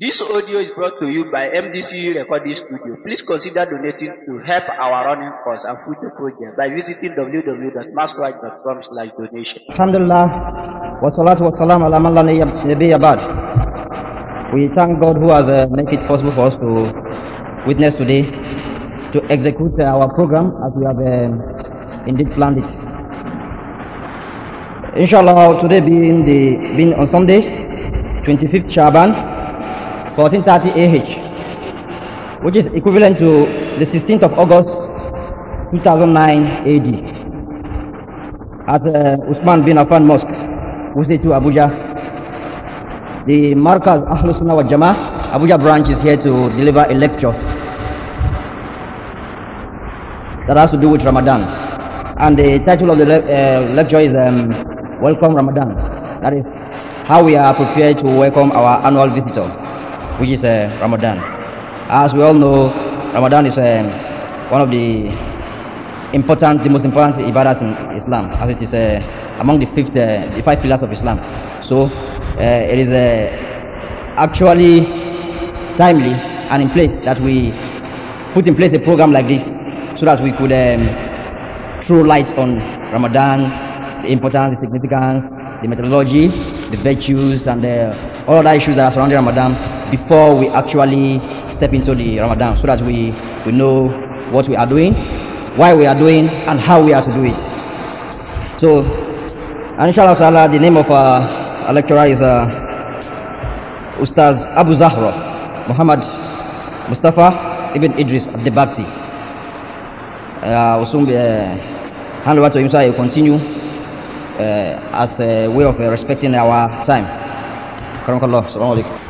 This audio is brought to you by MDCU Recording Studio. Please consider donating to help our running costs and food project by visiting www.maskwatch.com slash donation. Alhamdulillah, wa salatu wa salam ala man la We thank God who has uh, made it possible for us to witness today, to execute uh, our program as we have um, indeed planned it. Inshallah, today being, the, being on Sunday, 25th Shaban, 1430 AH, which is equivalent to the 16th of August 2009 AD at uh, Usman bin Affan Mosque, to Abuja. The Markaz Ahlus Sunnah wa Jama'ah, Abuja branch is here to deliver a lecture that has to do with Ramadan. And the title of the le uh, lecture is um, Welcome Ramadan. That is how we are prepared to welcome our annual visitor which is uh, Ramadan. As we all know, Ramadan is um, one of the important, the most important ibadahs in Islam, as it is uh, among the, fifth, uh, the five pillars of Islam. So uh, it is uh, actually timely and in place that we put in place a program like this so that we could um, throw light on Ramadan, the importance, the significance, the methodology, the virtues, and uh, all other issues that are surrounding Ramadan before we actually step into the Ramadan so that we, we know what we are doing, why we are doing, and how we are to do it. So, and inshallah ta'ala, the name of our, our lecturer is uh, Ustaz Abu Zahra Muhammad Mustafa Ibn Idris Abdebakti. Uh, we'll soon be, uh, hand over to him so I will continue uh, as a way of uh, respecting our time. Karamallah. Assalamu alaikum.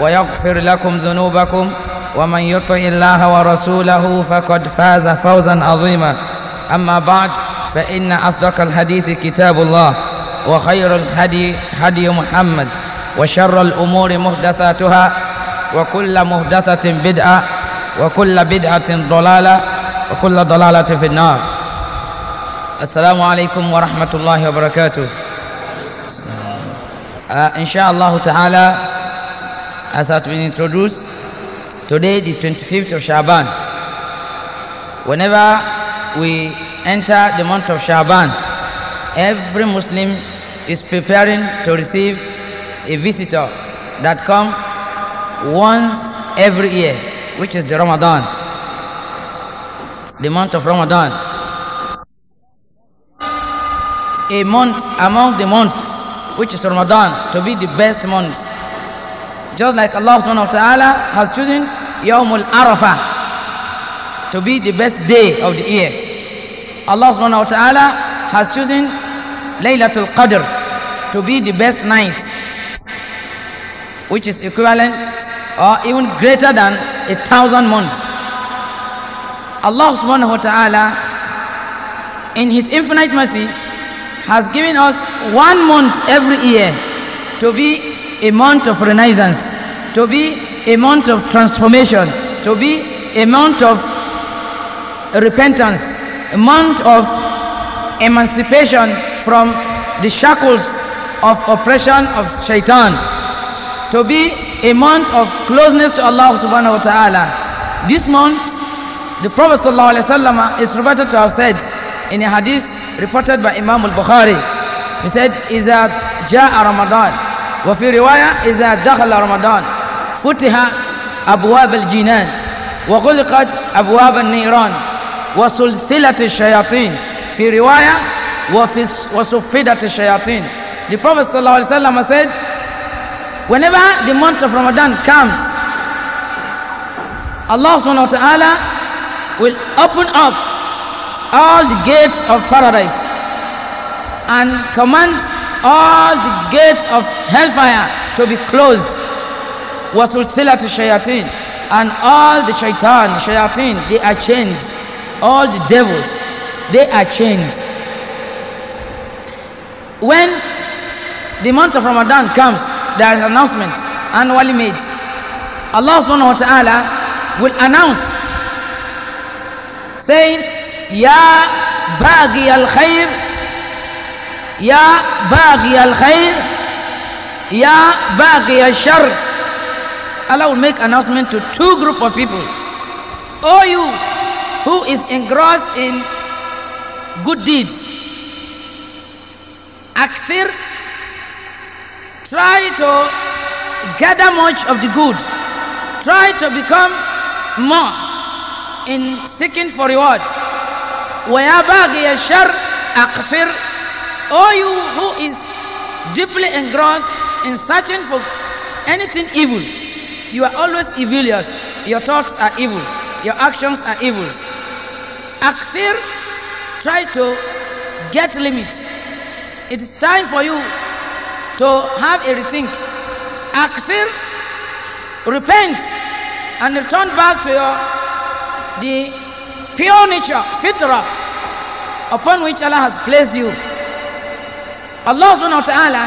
ويغفر لكم ذنوبكم ومن يطع الله ورسوله فقد فاز فوزا عظيما أما بعد فإن أصدق الحديث كتاب الله وخير الهدي هدي محمد وشر الأمور محدثاتها وكل محدثة بدعة وكل بدعة ضلالة وكل ضلالة في النار السلام عليكم ورحمة الله وبركاته آه إن شاء الله تعالى as had been introduced, today the 25th of Shaban. Whenever we enter the month of Shaban, every Muslim is preparing to receive a visitor that comes once every year, which is the Ramadan, the month of Ramadan. A month among the months, which is Ramadan, to be the best month just like Allah subhanahu wa ta'ala has chosen Yawmul Arafah to be the best day of the year. Allah subhanahu wa ta'ala has chosen Laylatul Qadr to be the best night, which is equivalent or even greater than a thousand months. Allah subhanahu wa ta'ala in His infinite mercy has given us one month every year to be a month of renaissance, to be a month of transformation, to be a month of repentance, a month of emancipation from the shackles of oppression of shaitan, to be a month of closeness to Allah subhanahu wa ta'ala. This month, the Prophet sallallahu alayhi wa is reported to have said in a hadith reported by Imam al-Bukhari, he said, إِذَا جَاءَ رَمَضَانَ وفي رواية إذا دخل رمضان فتح أبواب الجنان وغلقت أبواب النيران وسلسلة الشياطين في رواية وفي وصفدت الشياطين The Prophet ﷺ said whenever the month of Ramadan comes Allah subhanahu wa ta'ala will open up all the gates of paradise and command all the gates of hellfire to be closed. وَسُلْسِلَةُ shayatin And all the shaitan, shayatin, they are chained. All the devils, they are chained. When the month of Ramadan comes, there is an announcement annually made. Allah subhanahu wa ta'ala will announce saying, Ya Bagi al Khair al khair, ya baqi al الشر Allah will make announcement to two group of people. all you who is engrossed in good deeds. Akthir, try to gather much of the good. Try to become more in seeking for reward. وَيَا بَاغِيَ الشَّرْ أَقْفِرْ O you who is deeply engrossed in searching for anything evil, you are always evilious. Your thoughts are evil. Your actions are evil. Aksir, try to get limits. It is time for you to have a rethink. Aksir, repent and return back to your the pure nature, fitra, upon which Allah has placed you. Allah subhanahu wa ta'ala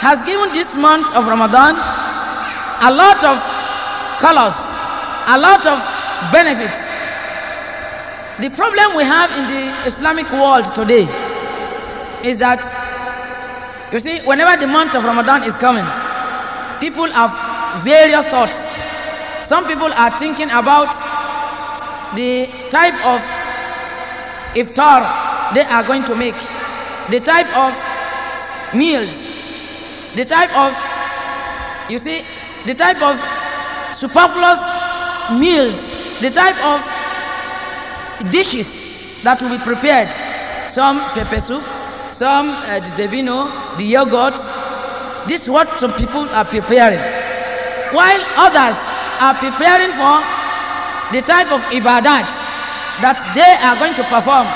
has given this month of Ramadan a lot of colors, a lot of benefits. The problem we have in the Islamic world today is that, you see, whenever the month of Ramadan is coming, people have various thoughts. Some people are thinking about the type of iftar they are going to make, the type of meals, the type of, you see, the type of superfluous meals, the type of dishes that will be prepared. Some pepper soup, some uh, the devino, the yogurt. This is what some people are preparing. While others are preparing for the type of ibadat that they are going to perform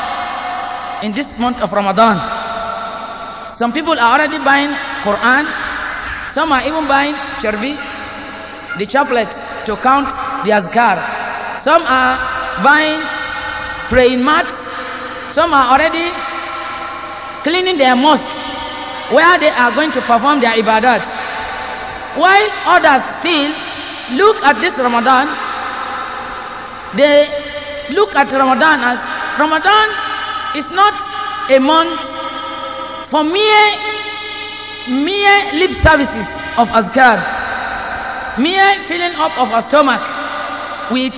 in this month of Ramadan. Some people are already buying Quran. Some are even buying charbi, the chaplet to count the azkar. Some are buying praying mats. Some are already cleaning their mosque where they are going to perform their ibadat. While others still look at this Ramadan, they look at Ramadan as Ramadan is not a month for mere, mere lip services of azkar, mere filling up of our stomach with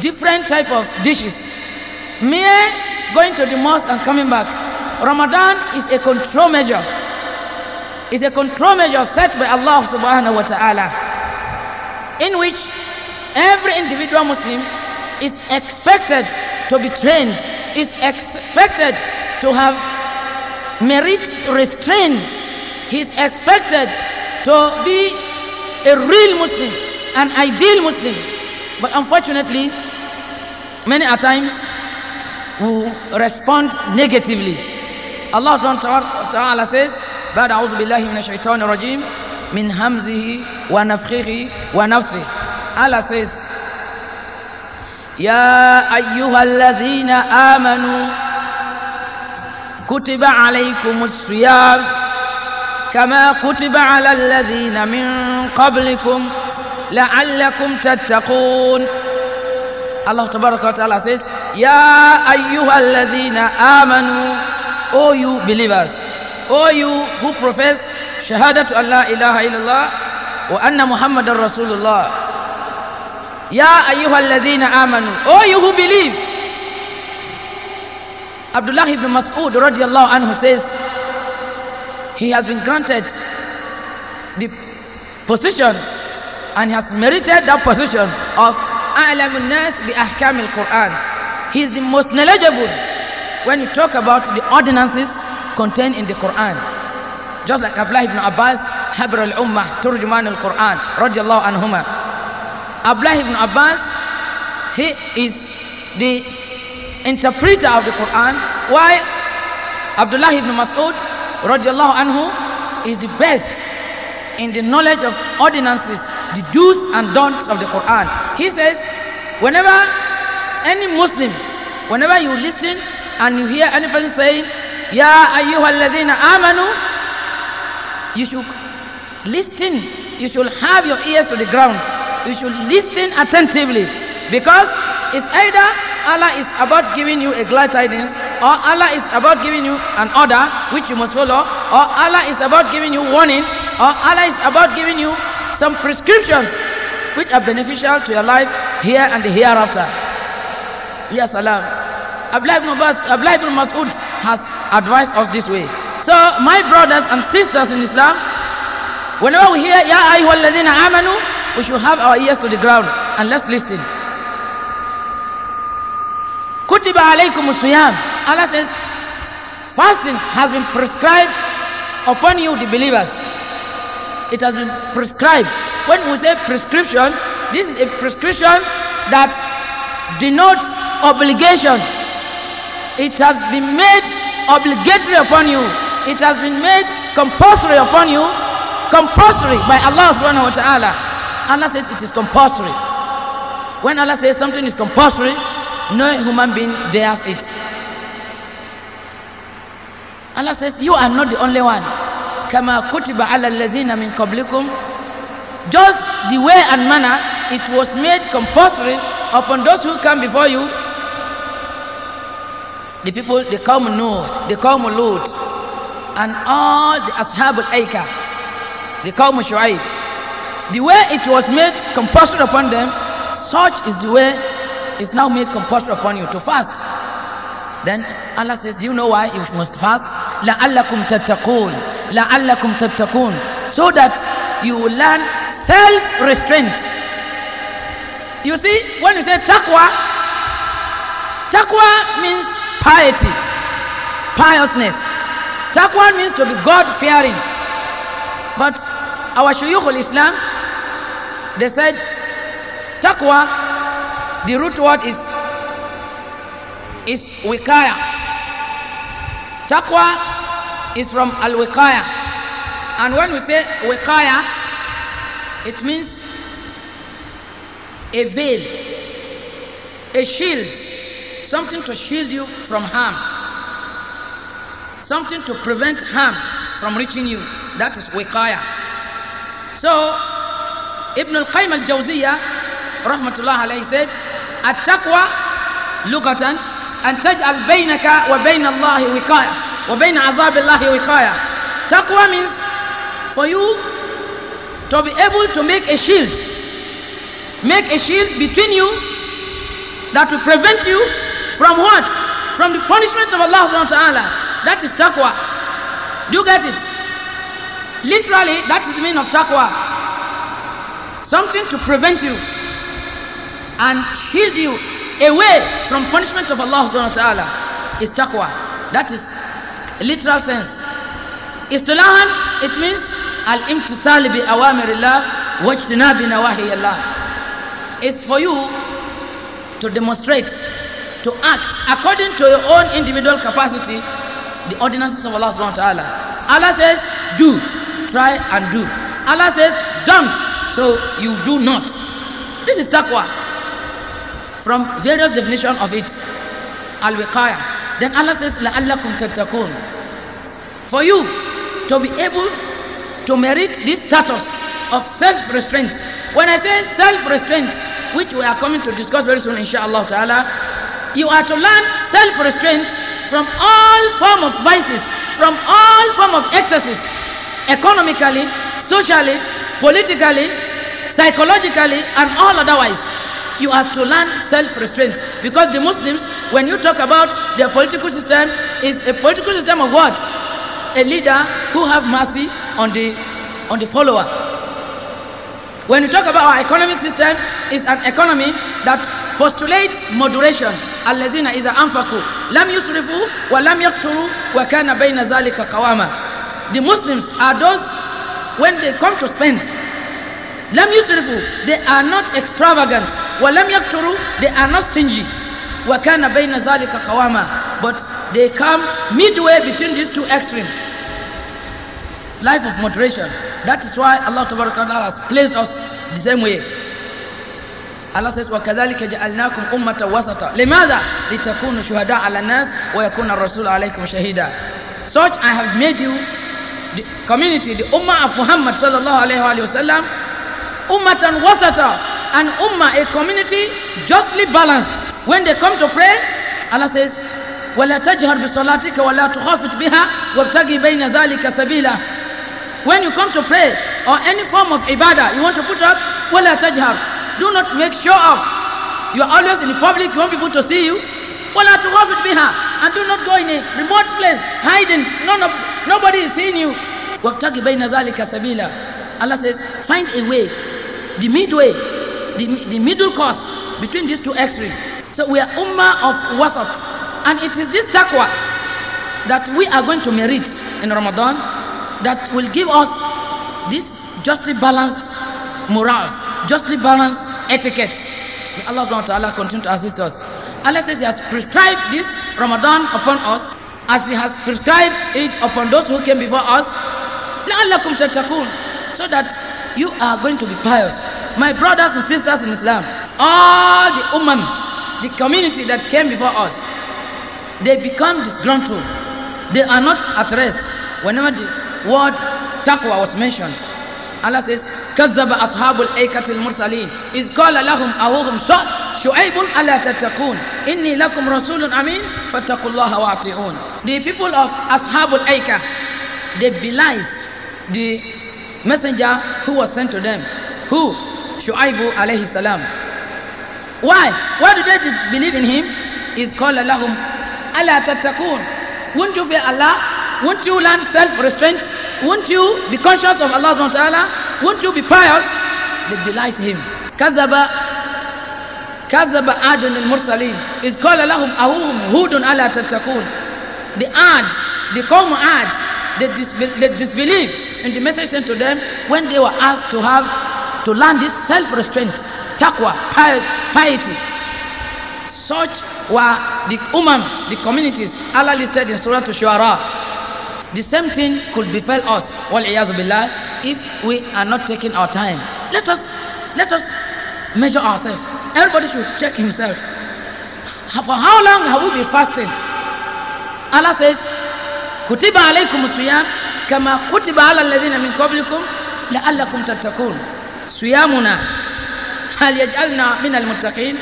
different type of dishes, mere going to the mosque and coming back. Ramadan is a control measure. It's a control measure set by Allah subhanahu wa ta'ala in which every individual Muslim is expected to be trained, is expected to have merit restraint, he is expected to be a real Muslim, an ideal Muslim. But unfortunately, many a times we respond negatively. Allah Ta'ala says, بعد أعوذ بالله من الشيطان الرجيم من همزه ونفخه ونفثه Allah says يا أيها الذين آمنوا كتب عليكم الصيام كما كتب على الذين من قبلكم لعلكم تتقون الله تبارك وتعالى says يا أيها الذين آمنوا O you believers O you who profess شهادة أن لا إله إلا الله وأن محمد رسول الله يا أيها الذين آمنوا O you who believe Abdullah ibn Mas'ud radiallahu anhu says, he has been granted the position and has merited that position of A'lamun Nas bi Ahkam al-Quran. He is the most knowledgeable when you talk about the ordinances contained in the Quran. Just like Abdullah ibn Abbas, Habr al-Ummah, Turjuman al-Quran, radiallahu anhuma. Abdullah ibn Abbas, he is the interpreter of the Quran, why Abdullah ibn Mas'ud radiallahu anhu is the best in the knowledge of ordinances, the do's and don'ts of the Quran. He says, whenever any Muslim, whenever you listen and you hear anybody saying, Ya ayyuhalladhina amanu, you should listen, you should have your ears to the ground, you should listen attentively because it's either Allah is about giving you a glad tidings, or Allah is about giving you an order which you must follow, or Allah is about giving you warning, or Allah is about giving you some prescriptions which are beneficial to your life here and hereafter. Yes, Allah. Abdullah ibn, Abbas, Abdullah ibn Mas'ud has advised us this way. So, my brothers and sisters in Islam, whenever we hear, Ya ayyuhalladhina amanu, we should have our ears to the ground and let's listen. Kutiba alaykum siyam. Allah says, fasting has been prescribed upon you, the believers. It has been prescribed. When we say prescription, this is a prescription that denotes obligation. It has been made obligatory upon you. It has been made compulsory upon you. Compulsory by Allah subhanahu wa ta'ala. Allah says it is compulsory. When Allah says something is compulsory, no human being dares it. Allah says, You are not the only one. Kama kutiba ala alladhina min Just the way and manner it was made compulsory upon those who come before you. The people, they come Nuh, they come Lut, and all the Ashab al-Aika, they come Shu'aib. The way it was made compulsory upon them, such is the way is now made compulsory upon you to fast. Then Allah says, do you know why you must fast? لَعَلَّكُمْ تَتَّقُونَ لَعَلَّكُمْ تَتَّقُونَ So that you will learn self-restraint. You see, when you say taqwa, taqwa means piety, piousness. Taqwa means to be God-fearing. But our shuyukh al-Islam, they said, taqwa the root word is is wikaya. Taqwa is from al wikaya. And when we say wikaya, it means a veil, a shield, something to shield you from harm, something to prevent harm from reaching you. That is wikaya. So, Ibn al Qayyim al jawziyya Rahmatullah alayhi, said, التقوى لغة أن تجعل بينك وبين الله وقاية وبين عذاب الله وقاية Taqwa means for you to be able to make a shield. Make a shield between you that will prevent you from what? From the punishment of Allah subhanahu wa ta'ala. That is taqwa. Do you get it? Literally, that is the meaning of taqwa. Something to prevent you and shield you away from punishment of Allah subhanahu wa ta'ala is taqwa. That is literal sense. Istilahan, it means al-imtisal bi awamirillah wa ijtinabi nawahiyallah. It's for you to demonstrate, to act according to your own individual capacity, the ordinances of Allah subhanahu wa ta'ala. Allah says, do, try and do. Allah says, don't, so you do not. This is taqwa from various definition of it. Al-wiqaya. Then Allah says, لَعَلَّكُمْ تَتَّقُونَ For you to be able to merit this status of self-restraint. When I say self-restraint, which we are coming to discuss very soon, inshallah ta'ala, you are to learn self-restraint from all form of vices, from all form of excesses, economically, socially, politically, psychologically, and all otherwise. You have to learn self-restraint. Because the Muslims, when you talk about their political system, is a political system of what? A leader who have mercy on the, on the follower. When you talk about our economic system, it's an economy that postulates moderation. The Muslims are those, when they come to spend, They are not extravagant. ولم يكثروا they are not stingy وكان بين ذلك قواما but they come midway between these two extremes life of moderation that is why Allah Ta'ala has placed us the same way Allah says وكذلك جعلناكم أمة وسطا لماذا لتكونوا شهداء على الناس ويكون الرسول عليكم شهيدا such I have made you the community the ummah of Muhammad صلى الله عليه وسلم, ummatan wasata an ummah, a community justly balanced. When they come to pray, Allah says, ولا تجهر بصلاتك ولا تخافت بها وابتغي بين ذلك سبيلا when you come to pray or any form of ibadah you want to put up ولا تجهر do not make sure of you are always in the public you want people to see you ولا تخافت بها and do not go in a remote place hiding none of nobody is seeing you وابتغي بين ذلك سبيلا Allah says find a way the midway the, the middle course between these two extremes. So we are ummah of wasat. And it is this taqwa that we are going to merit in Ramadan that will give us this justly balanced morals, justly balanced etiquette. May Allah Ta'ala continue to assist us. Allah says He has prescribed this Ramadan upon us as He has prescribed it upon those who came before us. So that you are going to be pious my brothers and sisters in Islam, all the Ummah, the community that came before us, they become disgruntled. They are not at rest. Whenever the word taqwa was mentioned, Allah says, كذب أصحاب الأيكة المرسلين إذ قال لهم أخوهم صالح شعيب ألا تتقون إني لكم رسول أمين فاتقوا الله وأطيعون The people of أصحاب الأيكة they belies the messenger who was sent to them who Shu'aibu alayhi salam. Why? Why do they believe in him? Is called Allahum Allah tatakun. Won't you fear Allah? Won't you learn self-restraint? Won't you be conscious of Allah subhanahu wa ta'ala? Won't you be pious? They belies him. Kazaba كذب al المرسلين is called Allahum ahum hudun Allah تتقون The ads, the common ads, they, disbelieve, they in the message sent to them when they were asked to have to learn this self-restraint, taqwa, piety. Such were the umam, the communities Allah listed in Surah Al-Shu'ara. The same thing could befell us, billah, if we are not taking our time. Let us, let us measure ourselves. Everybody should check himself. For how long have we been fasting? Allah says, كتب عليكم الصيام كما كتب على الذين من قبلكم لعلكم تتقون صيامنا هل يجعلنا من المتقين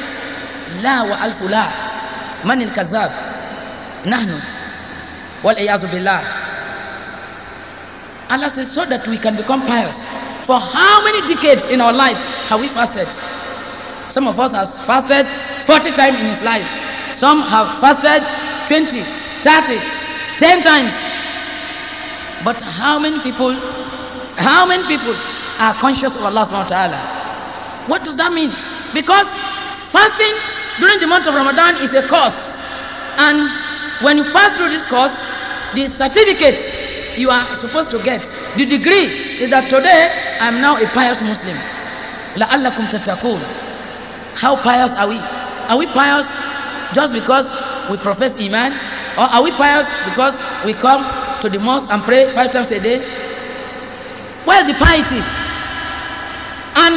لا وألف لا من الكذاب نحن والعياذ Allah says so that we can become pious for how many decades in our life have we fasted some of us have fasted 40 times in his life some have fasted 20 30 10 times but how many people how many people are conscious of Allah subhanahu wa ta'ala. What does that mean? Because fasting during the month of Ramadan is a course. And when you pass through this course, the certificate you are supposed to get, the degree is that today I am now a pious Muslim. لَعَلَّكُمْ تَتَّقُونَ How pious are we? Are we pious just because we profess Iman? Or are we pious because we come to the mosque and pray five times a day? Where is the piety? And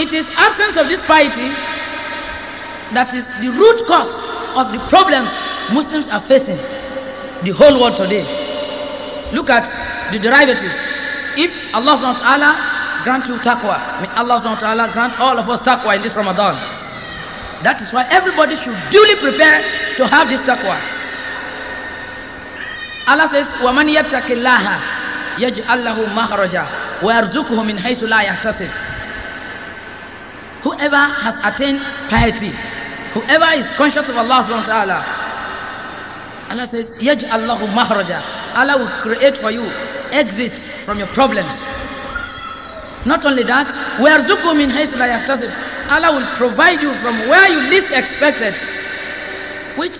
it is absence of this piety that is the root cause of the problems Muslims are facing the whole world today. Look at the derivatives. If Allah subhanahu not Allah grant you taqwa, may Allah subhanahu not Allah grant all of us taqwa in this Ramadan. That is why everybody should duly prepare to have this taqwa. Allah says, وَمَنْ يَتَّقِ اللَّهَ يَجْعَلْهُ لَهُ مَخْرَجًا وَيَرْزُقْهُ مِنْ حَيْثُ لَا يَحْتَسِبُ Whoever has attained piety, whoever is conscious of Allah subhanahu wa ta'ala, Allah says, Yaj Allahu mahraja. Allah will create for you exit from your problems. Not only that, where min Allah will provide you from where you least expected. Which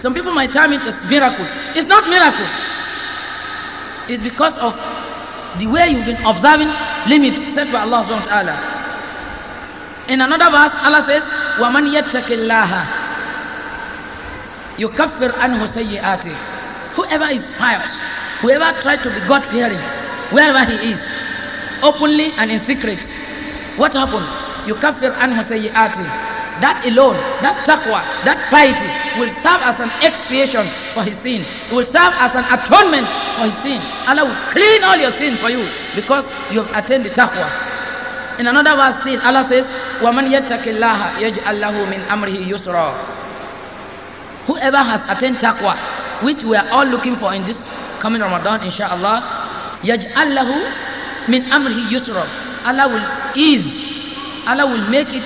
some people might term it as miracle. It's not miracle. It's because of the way you've been observing limits set by Allah subhanahu wa ta'ala. In another verse, Allah says, وَمَنْ يَتَّكِ اللَّهَ يُكَفِّرْ عَنْهُ سَيِّئَاتِهِ Whoever is pious, whoever tries to be God-fearing, wherever he is, openly and in secret, what happened? يُكَفِّرْ عَنْهُ سَيِّئَاتِهِ that alone, that taqwa, that piety will serve as an expiation for his sin. It will serve as an atonement for his sin. Allah will clean all your sin for you because you have attained the taqwa. In another verse, still, Allah says, وَمَنْ يَتَّقِ اللَّهَ يَجْعَلْ لَهُ مِنْ أَمْرِهِ يُسْرًا Whoever has attained taqwa, which we are all looking for in this coming Ramadan, inshallah, يَجْعَلْ لَهُ مِنْ أَمْرِهِ يُسْرًا Allah will ease, Allah will make it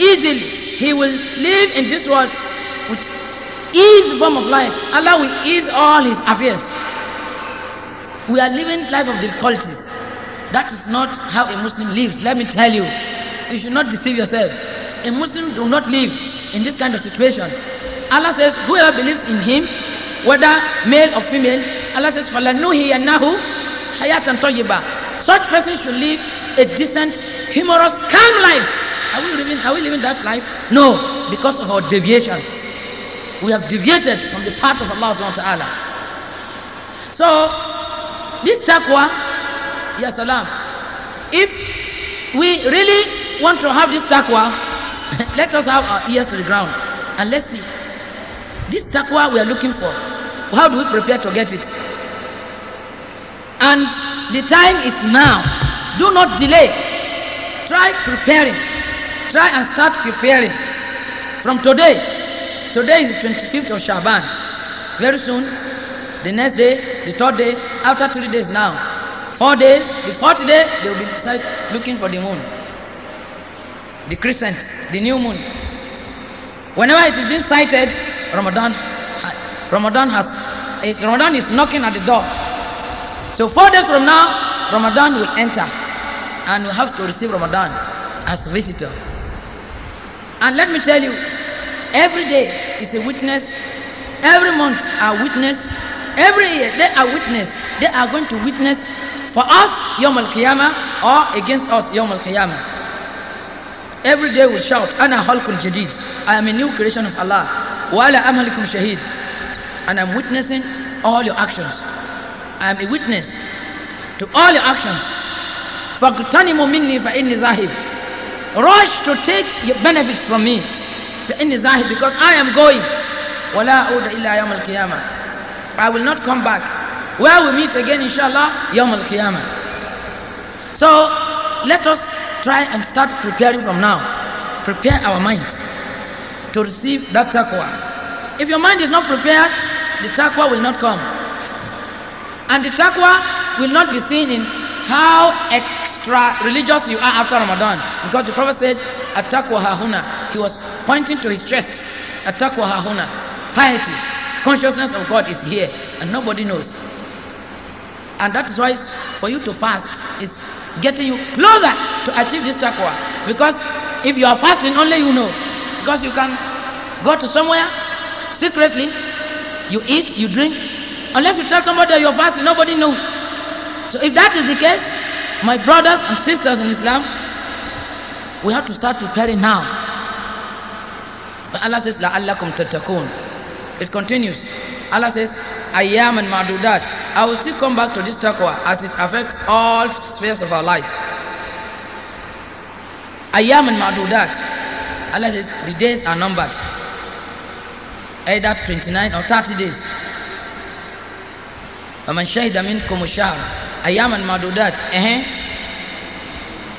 easily. He will live in this world with ease form of life. Allah will ease all his affairs. We are living life of difficulties. That is not how a Muslim lives. Let me tell you. You should not deceive yourself. A Muslim do not live in this kind of situation. Allah says, whoever believes in him, whether male or female, Allah says, فَلَنُوهِيَنَّهُ حَيَاةً طَيِّبًا Such person should live a decent, humorous, calm life. Are we living, are we living that life? No, because of our deviation. We have deviated from the path of Allah subhanahu wa So, this taqwa Ya salam. If we really want to have this taqwa, let us have our ears to the ground and let's see. This taqwa we are looking for, how do we prepare to get it? And the time is now. Do not delay. Try preparing. Try and start preparing. From today, today is the 25th of Shaban. Very soon, the next day, the third day, after three days now, Four days, the fourth day, they will be inside looking for the moon. The crescent, the new moon. Whenever it is being sighted, Ramadan, Ramadan has, eh, Ramadan is knocking at the door. So four days from now, Ramadan will enter, and we have to receive Ramadan as a visitor. And let me tell you, every day is a witness. Every month are witness. Every year they are witness. They are going to witness for us, Yom Al Qiyamah, or against us, Yom Al Qiyamah. Every day we shout, Ana Halkul Jadid. I am a new creation of Allah. Wa la amalikum shaheed. And I'm witnessing all your actions. I am a witness to all your actions. فَاقْتَنِمُ مِنِّي inni zahib Rush to take your benefits from me. inni zahib Because I am going. وَلَا illa Yom Al الْقِيَامَةِ I will not come back where we meet again inshallah Yom Al Qiyamah. So let us try and start preparing from now. Prepare our minds to receive that taqwa. If your mind is not prepared, the taqwa will not come. And the taqwa will not be seen in how extra religious you are after Ramadan. Because the Prophet said, taqwa hahuna. He was pointing to his chest. taqwa hahuna. Piety, consciousness of God is here, and nobody knows. And that is why for you to fast is getting you closer to achieve this taqwa. Because if you are fasting, only you know. Because you can go to somewhere secretly, you eat, you drink. Unless you tell somebody that you're fasting, nobody knows. So if that is the case, my brothers and sisters in Islam, we have to start preparing now. But Allah says, لَعَلَّكُمْ تَتَّقُونَ It continues. Allah says, ayam and madudat. I will still come back to this taqwa as it affects all spheres of our life. Ayam and madudat. Allah says the days are numbered. Either 29 or 30 days. فمن شهد منكم الشهر أياما معدودات أه.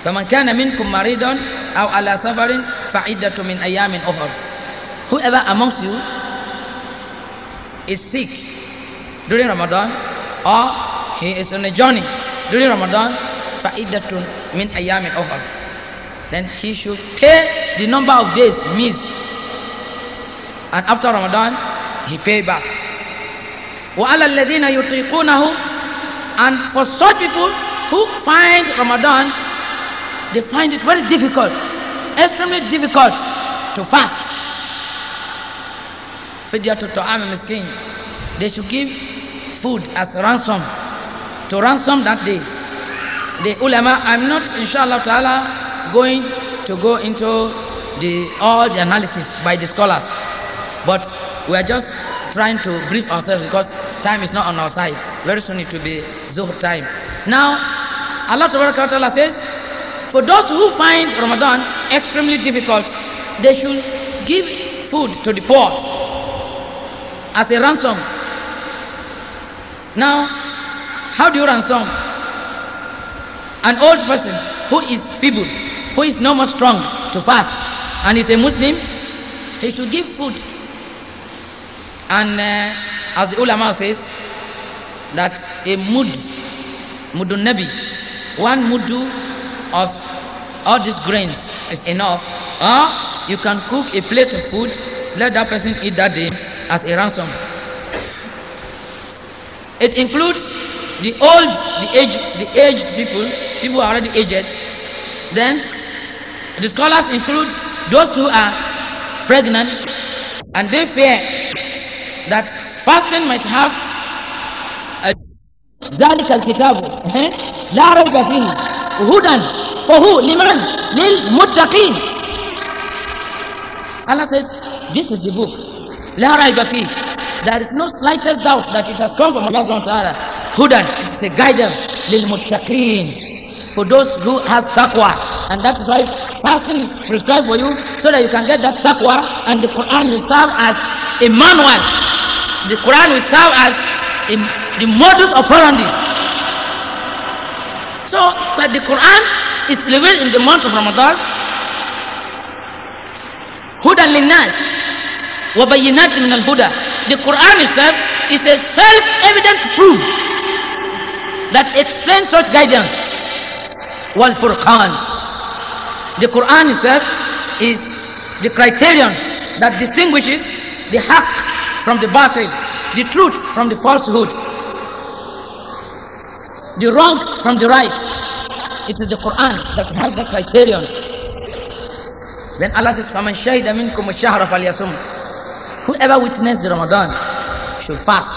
فمن كان منكم مريضا أو على سفر فعدة من أيام أخر whoever amongst you is sick during Ramadan or he is on a journey during Ramadan fa'idatun min ayyamin ukhra then he should pay the number of days missed and after Ramadan he pay back وعلى الذين يطيقونه and for such people who find Ramadan they find it very difficult extremely difficult to fast فدية الطعام مسكين they should give food as ransom to ransom that day. The ulama, I'm not inshallah ta'ala going to go into the all the analysis by the scholars, but we are just trying to brief ourselves because time is not on our side. Very soon it will be zuhr time. Now, Allah Ta'ala says, for those who find Ramadan extremely difficult, they should give food to the poor as a ransom now, how do you ransom an old person who is feeble, who is no more strong to fast, and is a Muslim? He should give food. And uh, as the ulama says, that a mud, mudun nabi, one mudu of all these grains is enough. Or you can cook a plate of food, let that person eat that day as a ransom. It includes the old, the aged, the aged people, people who are already aged. Then the scholars include those who are pregnant and they fear that fasting might have a ذلك الكتاب eh? لا ريب فيه هدى وهو لمن للمتقين Allah says this is the book لا ريب فيه there is no slightest doubt that it has come from Allah subhanahu wa ta'ala. Hudan, it's a guidance. Lil muttaqeen. For those who have taqwa. And that is why fasting is prescribed for you so that you can get that taqwa and the Quran will serve as a manual. The Quran will serve as a, the modus operandi. So that the Quran is revealed in the month of Ramadan. Hudan linnas wa bayyinatin min al-huda the Quran itself is a self-evident proof that explains such guidance. Wal Furqan. The Quran itself is the criterion that distinguishes the haqq from the batil, the truth from the falsehood, the wrong from the right. It is the Quran that has the criterion. Then Allah says, فَمَنْ شَهِدَ مِنْكُمُ الشَّهْرَ فَلْيَصُمْهُ whoever witnessed Ramadan should fast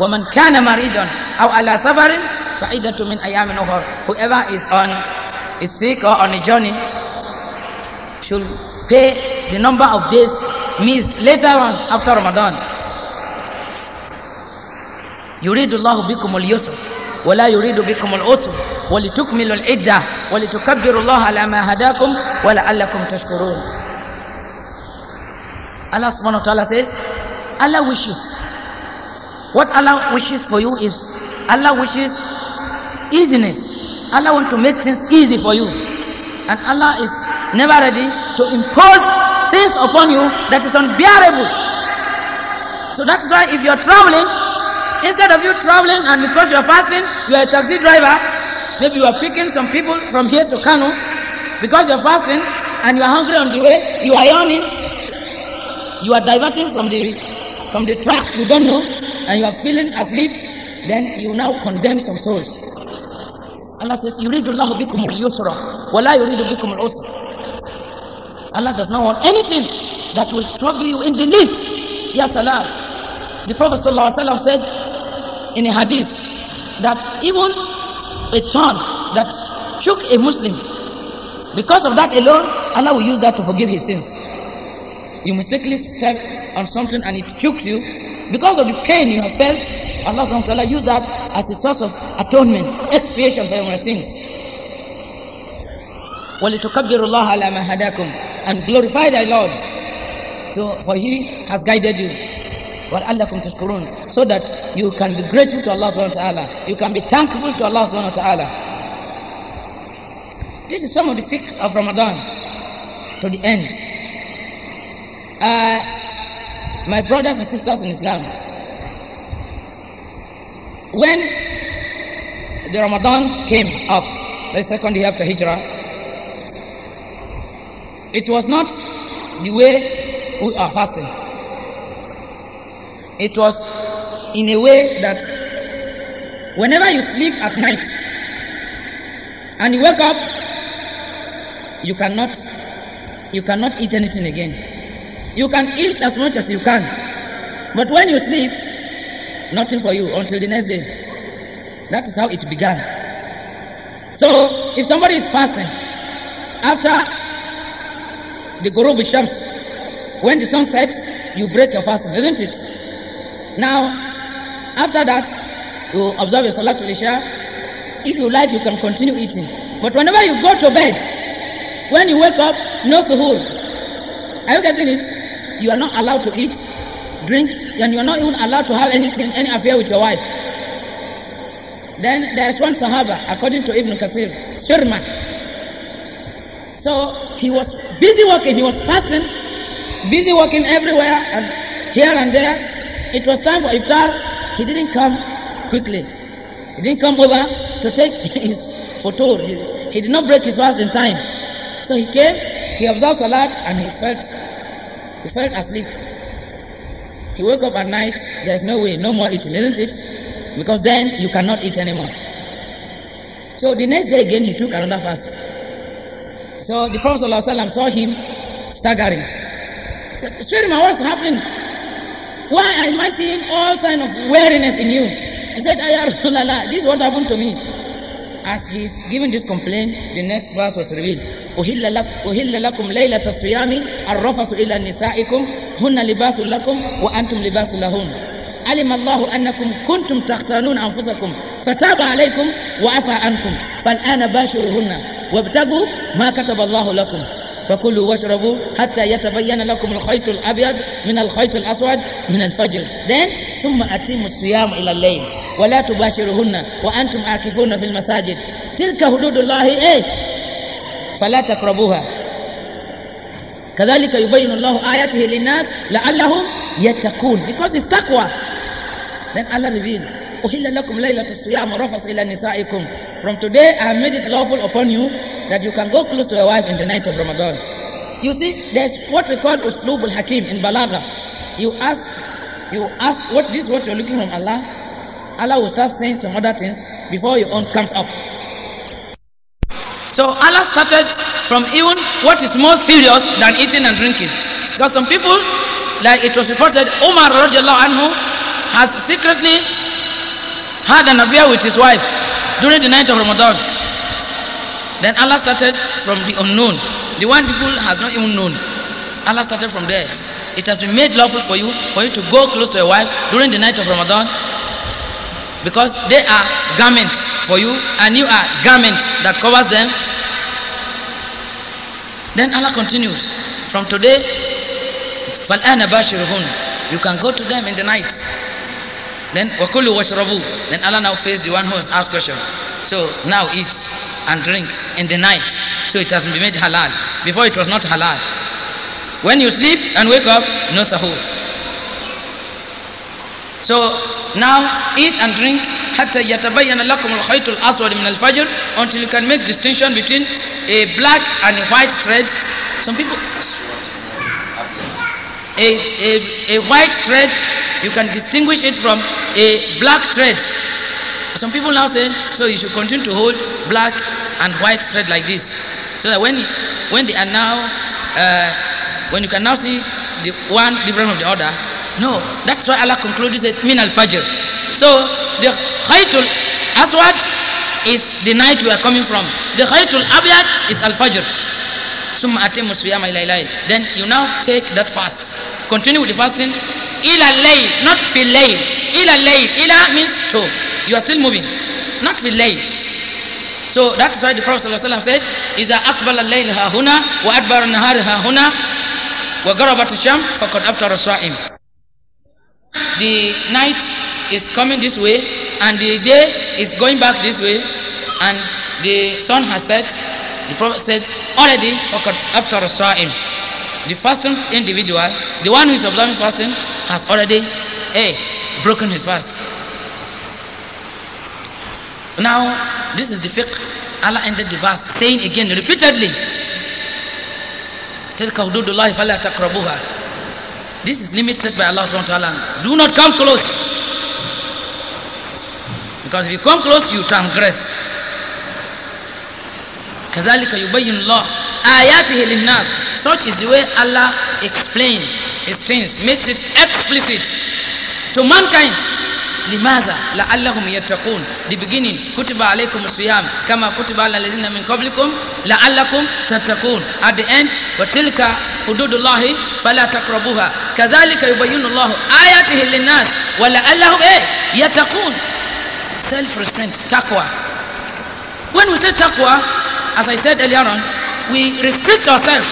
ومن كان مريضا أو على سفر فعيدة من أيام أخر whoever is on is sick or on a journey should pay the number of days missed later on after Ramadan يريد الله بكم اليسر ولا يريد بكم العسر ولتكملوا العدة ولتكبروا الله على ما هداكم ولعلكم تشكرون Allah subhanahu wa ta'ala says, Allah wishes. What Allah wishes for you is, Allah wishes easiness. Allah wants to make things easy for you. And Allah is never ready to impose things upon you that is unbearable. So that's why if you're traveling, instead of you traveling and because you're fasting, you're a taxi driver, maybe you are picking some people from here to Kano, because you're fasting and you're hungry on the way, you are yawning, you are diverting from the from the track you don't know, and you are feeling asleep. Then you now condemn some souls. Allah says, "You read Allah bikum al-yusra, wala you read bikum al-usra." Allah does not want anything that will trouble you in the least. Yes, Allah. The Prophet ﷺ said in a hadith that even a tongue that shook a Muslim, because of that alone, Allah will use that to forgive his sins you mistakenly step on something and it chokes you, because of the pain you have felt, Allah subhanahu wa ta'ala used that as a source of atonement, expiation for your sins. وَلِتُكَبِّرُ اللَّهَ عَلَى مَا هَدَاكُمْ And glorify thy Lord, so, for he has guided you. So that you can be grateful to Allah subhanahu wa ta'ala. You can be thankful to Allah subhanahu wa ta'ala. This is some of the fiqh of Ramadan to the end uh, my brothers and sisters in Islam, when the Ramadan came up, the second year after Hijrah, it was not the way we are fasting. It was in a way that whenever you sleep at night and you wake up, you cannot you cannot eat anything again. You can eat as much as you can. But when you sleep, nothing for you until the next day. That is how it began. So, if somebody is fasting, after the Guru Bishams, when the sun sets, you break your fasting, isn't it? Now, after that, you observe your Salat Isha. If you like, you can continue eating. But whenever you go to bed, when you wake up, no suhoor. Are you getting it? you are not allowed to eat, drink, and you are not even allowed to have anything, any affair with your wife. Then there is one Sahaba, according to Ibn Kasir, Shurma. So he was busy working, he was fasting, busy working everywhere and here and there. It was time for iftar. He didn't come quickly. He didn't come over to take his photo. He, he did not break his fast in time. So he came, he observed Salat, and he felt he fell asleep. He woke up at night. There's no way, no more eating, isn't it? Because then you cannot eat anymore. So the next day again, he took another fast. So the Prophet ﷺ saw him staggering. Sweetheart, what's happening? Why am I seeing all signs of weariness in you? He said, Ayah this is what happened to me. As he is giving this complaint, the next verse was revealed. أهل, لك أهل لكم ليلة الصيام الرفث إلى نسائكم هن لباس لكم وأنتم لباس لهن علم الله أنكم كنتم تختانون أنفسكم فتاب عليكم وعفى عنكم فالآن باشروهن وابتغوا ما كتب الله لكم فكلوا واشربوا حتى يتبين لكم الخيط الأبيض من الخيط الأسود من الفجر then ثم أتموا الصيام إلى الليل ولا تباشرهن وأنتم عاكفون في المساجد تلك حدود الله إيه فلا تقربوها كذلك يبين الله آياته للناس لعلهم يتقون because it's taqwa then Allah revealed أحل لكم ليلة الصيام رفص إلى نسائكم from today I have made it lawful upon you that you can go close to your wife in the night of Ramadan you see there's what we call uslub al-hakim in balagha you ask You ask what this what you're looking from Allah, Allah will start saying some other things before your own comes up. So Allah started from even what is more serious than eating and drinking. Because some people, like it was reported, Umar radiallahu anhu has secretly had an affair with his wife during the night of Ramadan. Then Allah started from the unknown, the one people has not even known. Allah started from there it has been made lawful for you for you to go close to your wife during the night of Ramadan because they are garments for you and you are garment that covers them then Allah continues from today you can go to them in the night then wakulu وَاشْرَبُوا then Allah now faced the one who has asked question so now eat and drink in the night so it has been made halal before it was not halal when you sleep and wake up, no sahur. So now eat and drink الفجر until you can make distinction between a black and a white thread. Some people, a, a, a white thread, you can distinguish it from a black thread. Some people now say, so you should continue to hold black and white thread like this. So that when, when they are now uh, when you can now see the one different from the other, no. That's why Allah concludes it min al fajr. So the khaytul aswad is the night we are coming from. The khaytul abyad is al fajr. Then you now take that fast. Continue with the fasting. Ila layl, not fil layl. Ila layl. Ila means to. You are still moving. Not fil layl. So that's why the Prophet ﷺ said, إِذَا أَقْبَلَ اللَّيْلَ هَا هُنَا وَأَدْبَرَ النَّهَارِ هَا هُنَا وَغَرَبَتُ الشَّمْ فَقَدْ أَبْتَرَ صَائِمٌ The night is coming this way and the day is going back this way and the sun has set. The Prophet said, already فَقَدْ أَبْتَرَ صَائِمٌ The fasting individual, the one who is observing fasting, has already A, broken his fast. Now, this is the fiqh. Allah ended the verse saying again repeatedly, تلك حدود الله فلا تقربوها this is limit set by Allah subhanahu wa ta'ala do not come close because if you come close you transgress كذلك يبين الله آياته للناس such is the way Allah explains his things makes it explicit to mankind لماذا لعلهم يتقون the beginning كتب عليكم siyam كما كتب على الذين من قبلكم لعلكم تتقون at the end وتلك حدود الله فلا تقربوها كذلك يبين الله آياته للناس ولعلهم إيه يتقون self restraint taqwa when we say taqwa as i said earlier on we restrict ourselves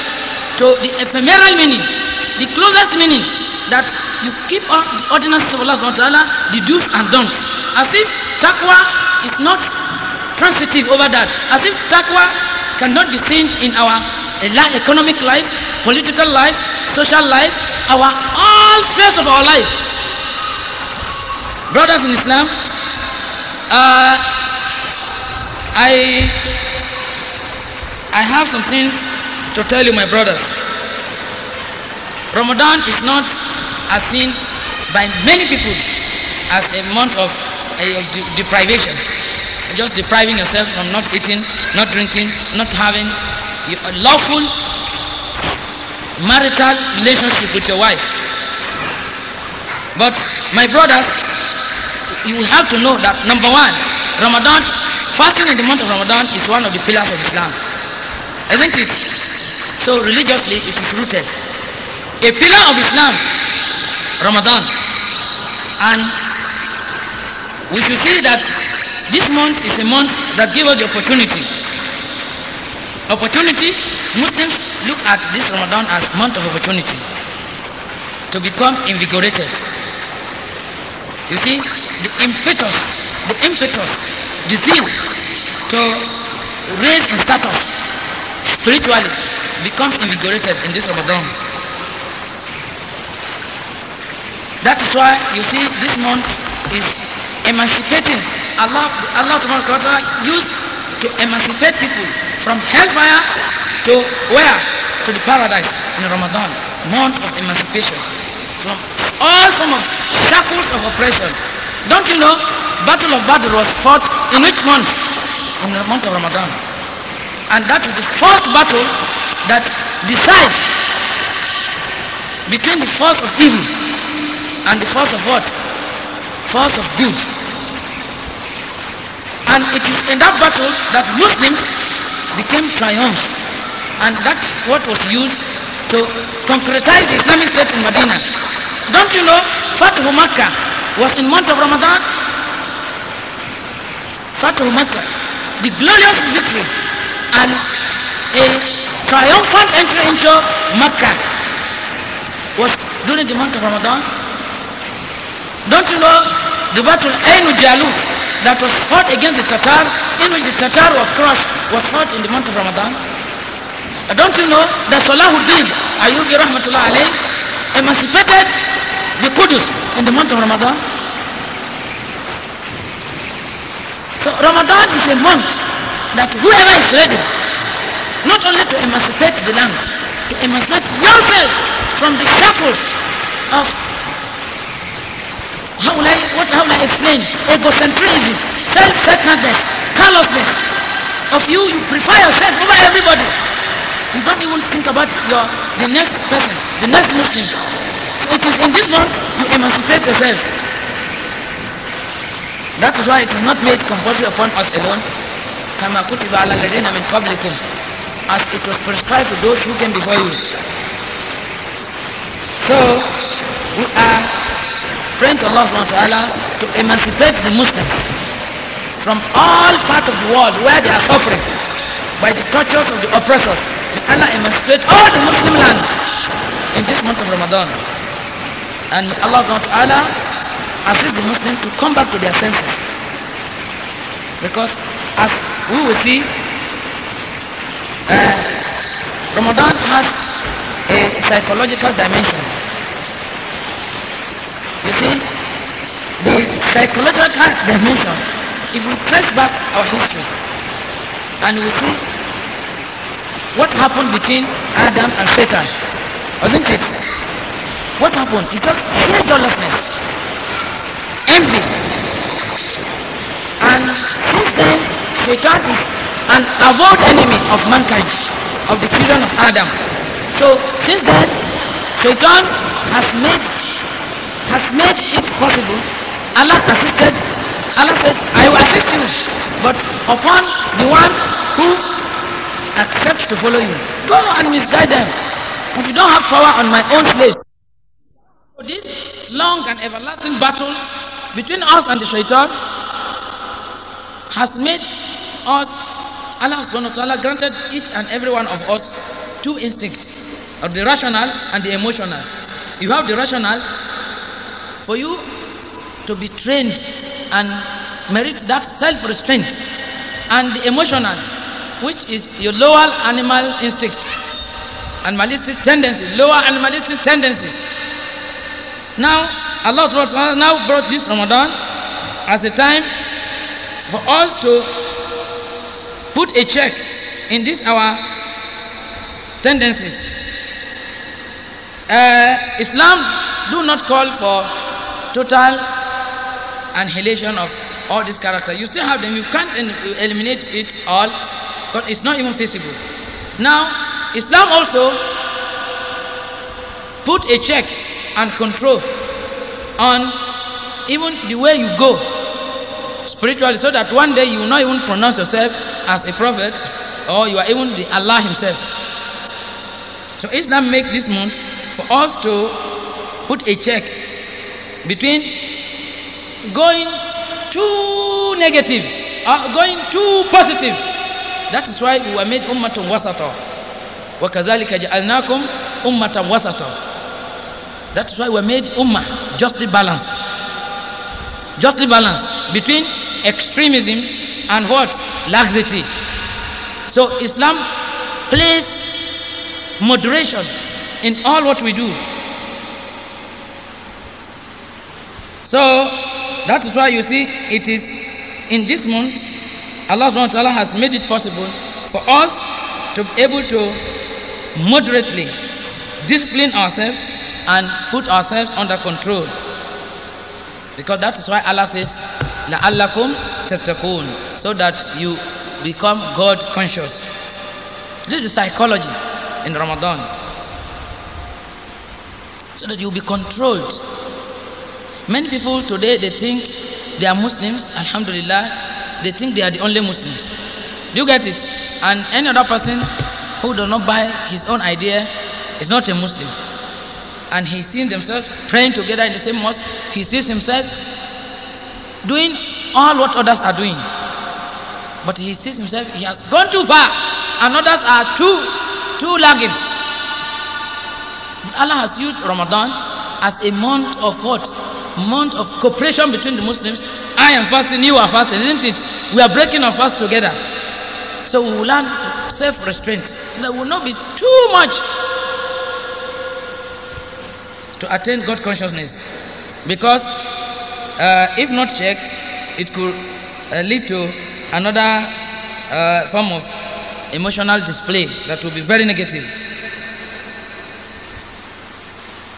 to the ephemeral meaning the closest meaning that you keep on the ordinances of Allah subhanahu wa ta'ala, the do's and don'ts. As if taqwa is not transitive over that. As if taqwa cannot be seen in our economic life, political life, social life, our all spheres of our life. Brothers in Islam, uh, I I have some things to tell you, my brothers. Ramadan is not as seen by many people as a month of, uh, of de deprivation. Just depriving yourself from not eating, not drinking, not having a lawful marital relationship with your wife. But my brothers, you have to know that number one, Ramadan, fasting in the month of Ramadan is one of the pillars of Islam. Isn't it? So religiously it is rooted. A pillar of Islam Ramadan. And we should see that this month is a month that gives us the opportunity. Opportunity, Muslims look at this Ramadan as month of opportunity to become invigorated. You see, the impetus, the impetus, the zeal to raise in status spiritually becomes invigorated in this Ramadan. That is why you see this month is emancipating. Allah, Allah Ta'ala used to emancipate people from hellfire to where? To the paradise in Ramadan. Month of emancipation from all forms of shackles of oppression. Don't you know? Battle of Badr was fought in which month? In the month of Ramadan. And that is the first battle that decides between the force of evil and the force of what? Force of good. And it is in that battle that Muslims became triumphant. And that's what was used to concretize the Islamic State in Medina. Don't you know Fatih Makkah was in month of Ramadan? Fatih Makkah. The glorious victory and a triumphant entry into Makkah was during the month of Ramadan don't you know the battle Ainu Jalut that was fought against the Tatar, in which the Tatar was crushed, was fought in the month of Ramadan? Don't you know that Salahuddin Ayyubi Rahmatullah Alayh emancipated the Qudus in the month of Ramadan? So Ramadan is a month that whoever is ready, not only to emancipate the land, to emancipate yourself from the shackles of how will I, what, how will I explain? Egocentrism, self-centeredness, callousness. Of you, you prefer yourself over everybody. You don't even think about your, the next person, the next Muslim. it is in this month you emancipate yourself. That is why it is not made compulsory upon us alone. كما كتب على الذين من قبلكم as it was prescribed to those who came before you. So we are praying to Allah subhanahu wa ta'ala to emancipate the Muslims from all parts of the world where they are suffering by the tortures of the oppressors. May Allah emancipate all the Muslim land in this month of Ramadan. And may Allah subhanahu wa ta'ala assist the Muslims to come back to their senses. Because as we will see, uh, Ramadan has a psychological dimension. You see, the psychological dimension, if we trace back our history and we see what happened between Adam and Satan, wasn't it? What happened? It was sheer lawlessness, envy, and since then, Satan is an avowed enemy of mankind, of the children of Adam. So since then, Satan has made has made it possible. Allah assisted. Allah says, I will assist you, but upon the one who accepts to follow you. Go and misguide them. If you don't have power on my own slaves. this long and everlasting battle between us and the shaitan has made us, Allah subhanahu wa ta'ala granted each and every one of us two instincts, the rational and the emotional. You have the rational for you to be trained and merit that self-restraint and emotional, which is your lower animal instinct, animalistic tendencies, lower animalistic tendencies. Now, Allah now brought this Ramadan as a time for us to put a check in this our tendencies. Uh, Islam do not call for total annihilation of all this character. You still have them, you can't eliminate it all, but it's not even feasible. Now, Islam also put a check and control on even the way you go spiritually so that one day you will not even pronounce yourself as a prophet or you are even the Allah himself. So Islam make this month for us to put a check between going too negative or uh, going too positive. That is why we were made ummatan wasata. وَكَذَلِكَ جَعَلْنَاكُمْ ummatan wasata. That is why we were made ummah, justly balanced. Justly balanced between extremism and what? Laxity. So Islam plays moderation in all what we do So that is why you see it is in this month Allah subhanahu has made it possible for us to be able to moderately discipline ourselves and put ourselves under control. Because that is why Allah says, Allakum تَتَّقُونَ So that you become God conscious. This is psychology in Ramadan. So that you be controlled Many people today, they think they are Muslims, Alhamdulillah, they think they are the only Muslims. Do you get it? And any other person who does not buy his own idea is not a Muslim. And he sees themselves praying together in the same mosque. He sees himself doing all what others are doing. But he sees himself, he has gone too far, and others are too, too lagging. Allah has used Ramadan as a month of what? month of cooperation between the Muslims. I am fasting, you are fasting, isn't it? We are breaking our fast together. So we will learn self restraint. There will not be too much to attain God consciousness. Because uh, if not checked, it could uh, lead to another uh, form of emotional display that will be very negative.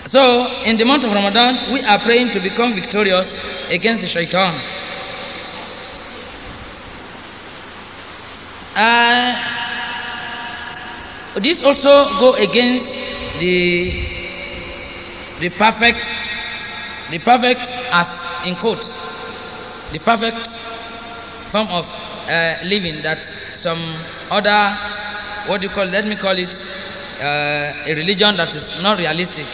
So, in the month of Ramadan, we are praying to become victorious against the shaitan. Uh, this also go against the the perfect the perfect as in quote the perfect form of uh, living that some other what do you call let me call it uh, a religion that is not realistic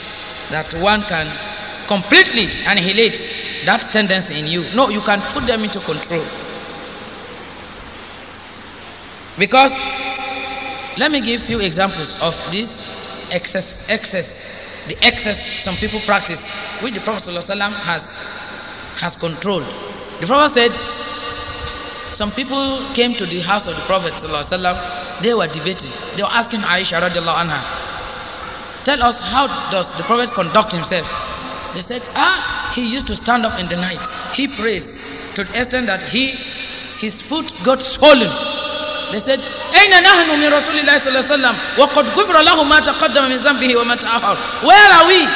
that one can completely annihilate that tendency in you. No, you can put them into control. Because, let me give few examples of this excess, excess, the excess some people practice, which the Prophet ﷺ has has controlled. The Prophet said, some people came to the house of the Prophet ﷺ, they were debating, they were asking Aisha radiallahu anha, Tell us how does the Prophet conduct himself? They said, Ah, he used to stand up in the night. He prays to the extent that he his foot got swollen. They said, أين نحن من رسول sallallahu alaihi wasallam عليه وسلم وقد غفر له ما تقدم من Where are we?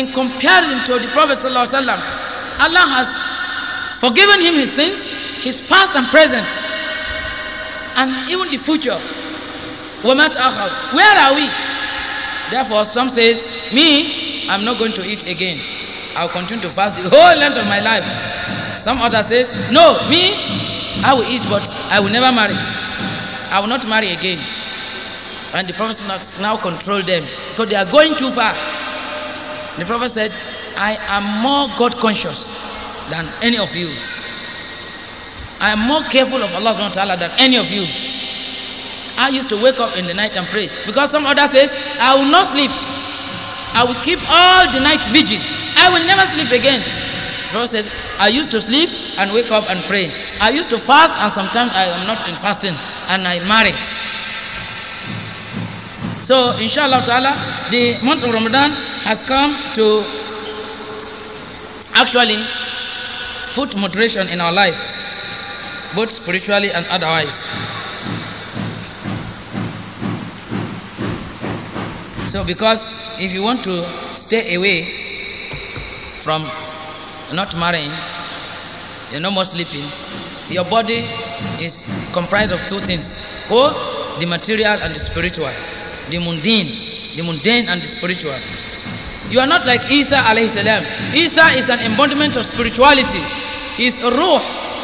In comparison to the Prophet sallallahu alaihi wasallam, Allah has forgiven him his sins, his past and present, and even the future. Where are we? Therefore, some says, me, I'm not going to eat again. I'll continue to fast the whole length of my life. Some other says, no, me, I will eat, but I will never marry. I will not marry again. And the Prophet now control them because they are going too far. The Prophet said, I am more God conscious than any of you. I am more careful of Allah than any of you. I used to wake up in the night and pray. Because some other says, I will not sleep. I will keep all the night vigil. I will never sleep again. Prophet says I used to sleep and wake up and pray. I used to fast and sometimes I am not in fasting and I marry. So inshallah ta'ala, the month of Ramadan has come to actually put moderation in our life, both spiritually and otherwise. So, because if you want to stay away from not marrying, you're no more sleeping, your body is comprised of two things or the material and the spiritual, the mundane, the mundane and the spiritual. You are not like Isa alayhi salam. Isa is an embodiment of spirituality. He's a ruh,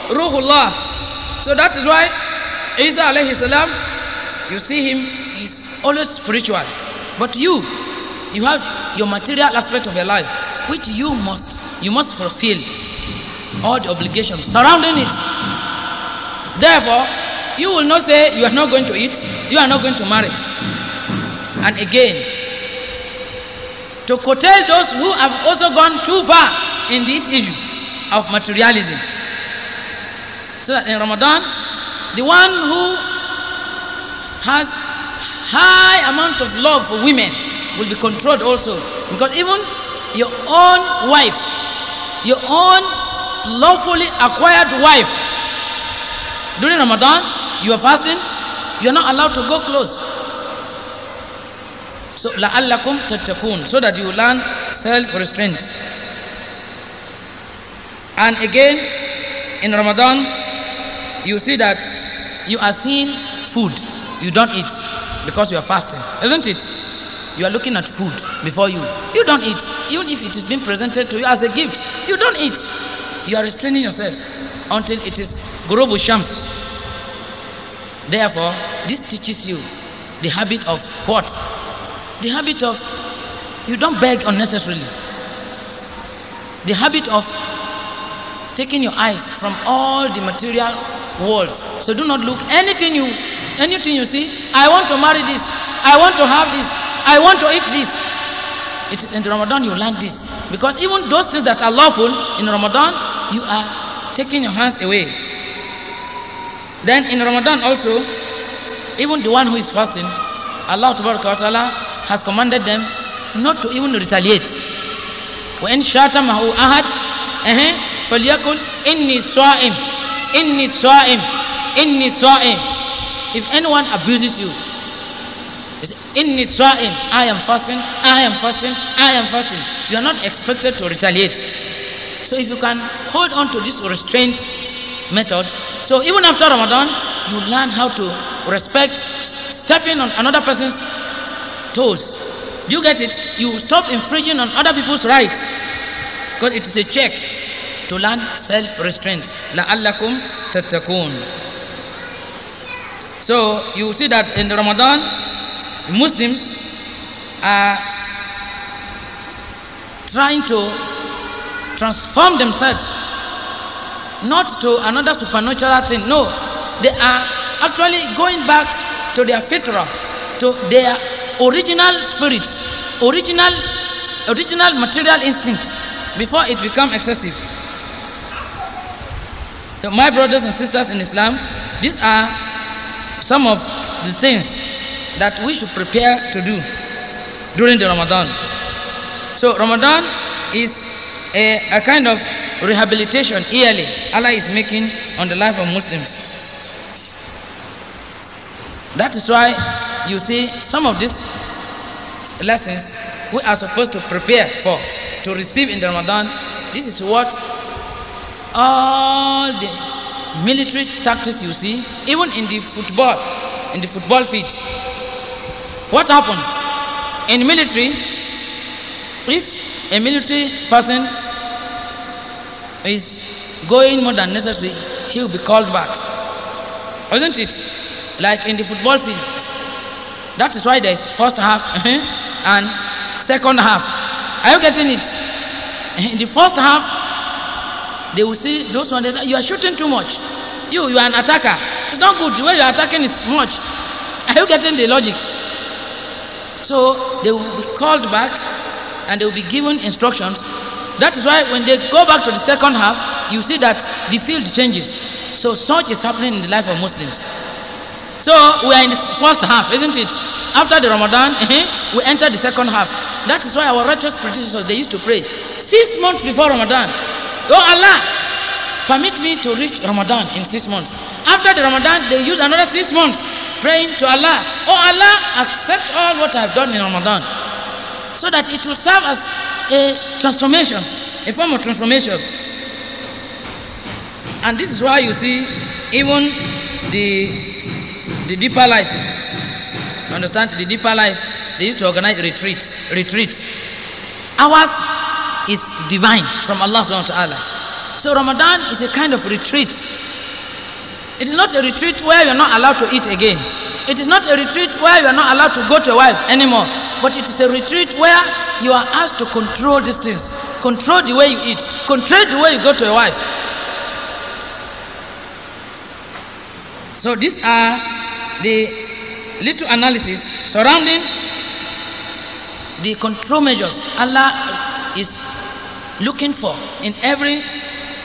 ruhullah. So that is why Isa alayhi salam, you see him, is always spiritual. But you, you have your material aspect of your life, which you must, you must fulfill all the obligations surrounding it. Therefore, you will not say you are not going to eat, you are not going to marry. And again, to curtail those who have also gone too far in this issue of materialism. So that in Ramadan, the one who has high amount of love for women will be controlled also. Because even your own wife, your own lawfully acquired wife, during Ramadan, you are fasting, you are not allowed to go close. So, لَعَلَّكُمْ تَتَّقُونَ So that you learn self-restraint. And again, in Ramadan, you see that you are seeing food. You don't eat because you are fasting, isn't it? You are looking at food before you. You don't eat. Even if it is being presented to you as a gift, you don't eat. You are restraining yourself until it is Gurubu Shams. Therefore, this teaches you the habit of what? The habit of you don't beg unnecessarily. The habit of taking your eyes from all the material Walls. So do not look anything you anything you see. I want to marry this. I want to have this. I want to eat this. It, in Ramadan you learn this because even those things that are lawful in Ramadan you are taking your hands away. Then in Ramadan also, even the one who is fasting, Allah Ta'ala has commanded them not to even retaliate. وإن شاتمه أحد فليقل إني صائم Inni swa'im. Inni swa'im. If anyone abuses you, you say, Inni swa'im. I am fasting. I am fasting. I am fasting. You are not expected to retaliate. So if you can hold on to this restraint method, so even after Ramadan, you learn how to respect stepping on another person's toes. You get it? You stop infringing on other people's rights because it is a check to learn self-restraint. لَعَلَّكُمْ تَتَّقُونَ So you see that in Ramadan, Muslims are trying to transform themselves not to another supernatural thing. No, they are actually going back to their fitrah, to their original spirit, original, original material instinct before it become excessive. So, my brothers and sisters in Islam, these are some of the things that we should prepare to do during the Ramadan. So, Ramadan is a, a kind of rehabilitation yearly Allah is making on the life of Muslims. That is why you see some of these lessons we are supposed to prepare for, to receive in the Ramadan. This is what all the military tactics you see, even in the football, in the football field. What happened? In military, if a military person is going more than necessary, he will be called back. Isn't it? Like in the football field. That is why there is first half and second half. Are you getting it? In the first half, they will see those ones that you are shooting too much. You, you are an attacker. It's not good. The way you are attacking is much. Are you getting the logic? So they will be called back and they will be given instructions. That is why when they go back to the second half, you see that the field changes. So such is happening in the life of Muslims. So we are in the first half, isn't it? After the Ramadan, eh, we enter the second half. That is why our righteous predecessors they used to pray six months before Ramadan. Oh Allah, permit me to reach Ramadan in six months. After the Ramadan, they use another six months praying to Allah. Oh Allah, accept all what I have done in Ramadan. So that it will serve as a transformation, a form of transformation. And this is why you see even the the deeper life. Understand the deeper life? They used to organize retreat, retreat hours. is divine from Allah subhanahu wa ta'ala. So Ramadan is a kind of retreat. It is not a retreat where you're not allowed to eat again. It is not a retreat where you are not allowed to go to a wife anymore. But it is a retreat where you are asked to control these things. Control the way you eat. Control the way you go to a wife. So these are the little analysis surrounding the control measures Allah is looking for in every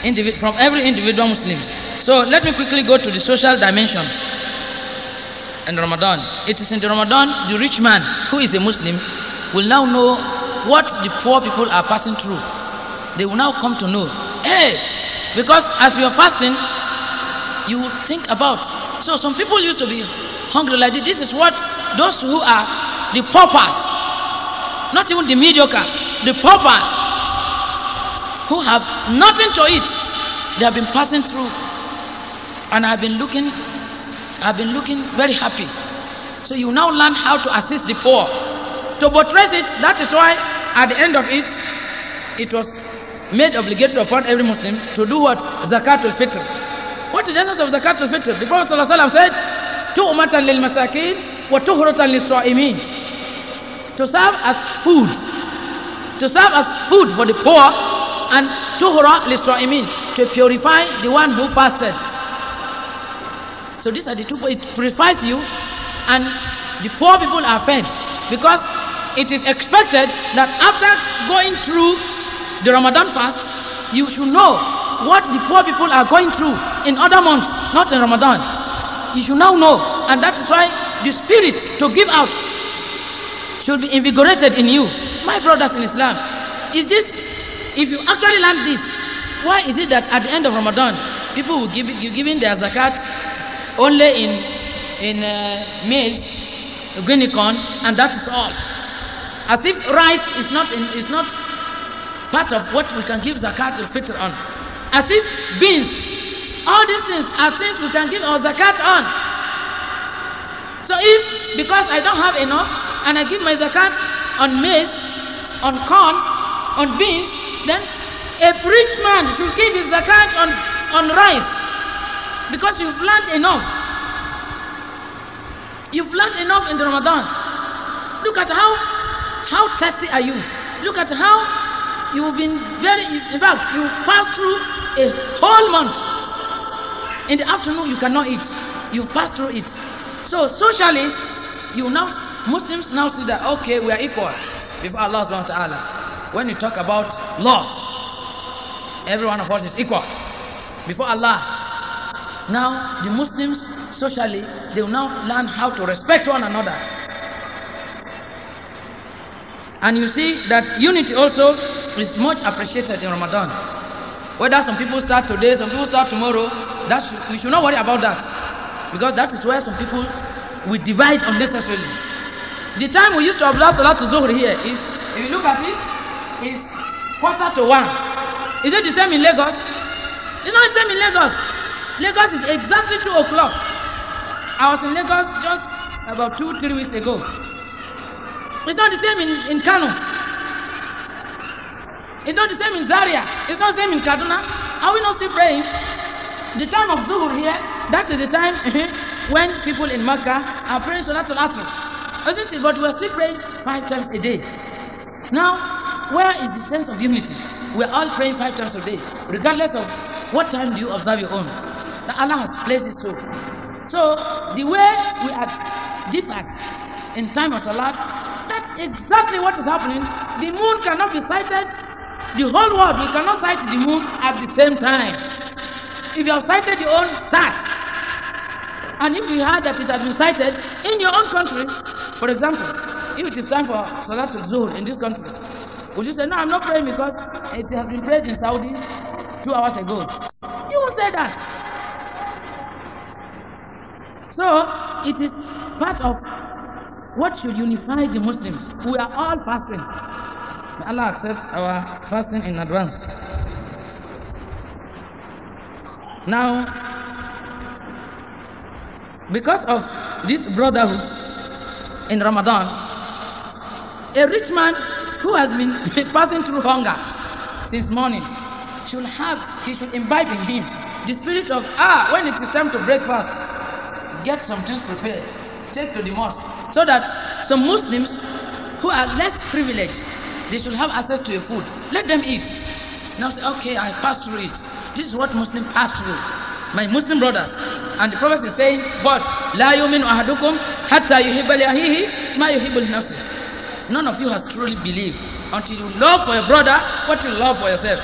individ- from every individual Muslim. So let me quickly go to the social dimension in Ramadan. It is in the Ramadan the rich man who is a Muslim will now know what the poor people are passing through. They will now come to know. Hey, because as you are fasting, you will think about. So some people used to be hungry like this. This is what those who are the paupers, not even the mediocre, the paupers, who have nothing to eat. They have been passing through. And I've been looking, I've been looking very happy. So you now learn how to assist the poor. To buttress it, that is why at the end of it, it was made obligatory upon every Muslim to do what? zakat al-fitr. Fitr. What is the essence of zakat al Fitr? The Prophet ﷺ said, Tu'matan lil masakin wa tuhratan lil sa'imin. To serve as food. To serve as food for the poor and I mean, to purify the one who fasted. So these are the two, it purifies you and the poor people are fed because it is expected that after going through the Ramadan fast, you should know what the poor people are going through in other months, not in Ramadan. You should now know and that is why the spirit to give out should be invigorated in you. My brothers in Islam, is this if you actually learn this, why is it that at the end of Ramadan, people will give giving their zakat only in in uh, maize, guinea corn, and that is all? As if rice is not in, is not part of what we can give zakat al fitr on. As if beans, all these things are things we can give our zakat on. So if because I don't have enough and I give my zakat on maize, on corn, on beans, then a rich man should give his zakat on, on rice because you've learned enough. You've learned enough in the Ramadan. Look at how how thirsty are you. Look at how you've been very in fact you passed through a whole month. In the afternoon you cannot eat. You pass through it. So socially, you now Muslims now see that okay we are equal before Allah subhanahu wa ta'ala when we talk about loss, every one of us is equal before Allah. Now, the Muslims socially, they will now learn how to respect one another. And you see that unity also is much appreciated in Ramadan. Whether some people start today, some people start tomorrow, that should, we should not worry about that. Because that is where some people will divide unnecessarily. The time we used to observe Salat Zuhr here is, if you look at it, is quarter to one is it the same in lagos it's not the same in lagos lagos is exactly two o'clock i was in lagos just about two three weeks ago it's not the same in in kano it's not the same in zaria it's not the same in kaduna are we not still praying the time of zuhur here that is the time uh-huh, when people in makkah are praying salatul asr isn't it but we are still praying five times a day. Now, where is the sense of unity? We are all praying five times a day, regardless of what time do you observe your own. The Allah has placed it so. So, the way we are different in time of Salah, that's exactly what is happening. The moon cannot be sighted. The whole world, you cannot sight the moon at the same time. If you have sighted your own, start. And if you heard that it has been sighted in your own country, for example, if it is time for Salat al-Zuhr in this country, would you say, no, I'm not praying because it has been prayed in Saudi two hours ago? You will say that. So, it is part of what should unify the Muslims. We are all fasting. May Allah accept our fasting in advance. Now, because of this brotherhood in Ramadan, a rich man who has been passing through hunger since morning should have, he should imbibe in him the spirit of, ah, when it is time to break fast, get some things prepared, take to the mosque. So that some Muslims who are less privileged, they should have access to a food. Let them eat. Now say, okay, I passed through it. This is what Muslims pass through. My Muslim brothers. And the Prophet is saying, but, لا يؤمن أحدكم حتى يحب لأهيه ما يحب لنفسه. None of you has truly believed until you love for your brother what you love for yourself.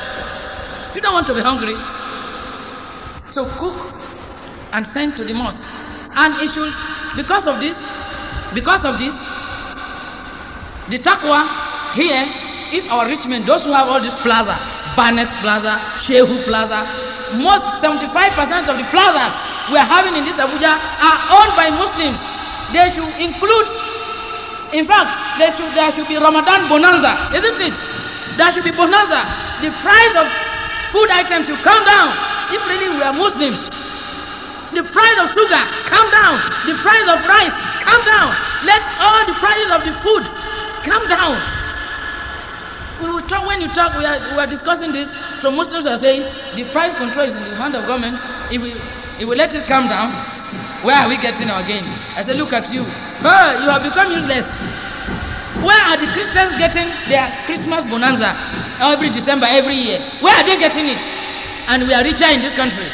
You don't want to be hungry. So cook and send to the mosque. And it should, because of this, because of this, the taqwa here, if our rich men, those who have all this plaza, Barnett Plaza, Chehu Plaza, most 75% of the plazas we are having in this Abuja are owned by Muslims. They should include in fact, there should, there should be Ramadan bonanza, isn't it? There should be bonanza. The price of food items should come down if really we are Muslims. The price of sugar, come down. The price of rice, come down. Let all the prices of the food come down. We will talk when you talk. We are, we are discussing this. So Muslims are saying the price control is in the hand of government. If we, if we let it come down, where are we getting our gain? I said, Look at you. Hey, you have become useless. Where are the Christians getting their Christmas bonanza every December, every year? Where are they getting it? And we are richer in this country.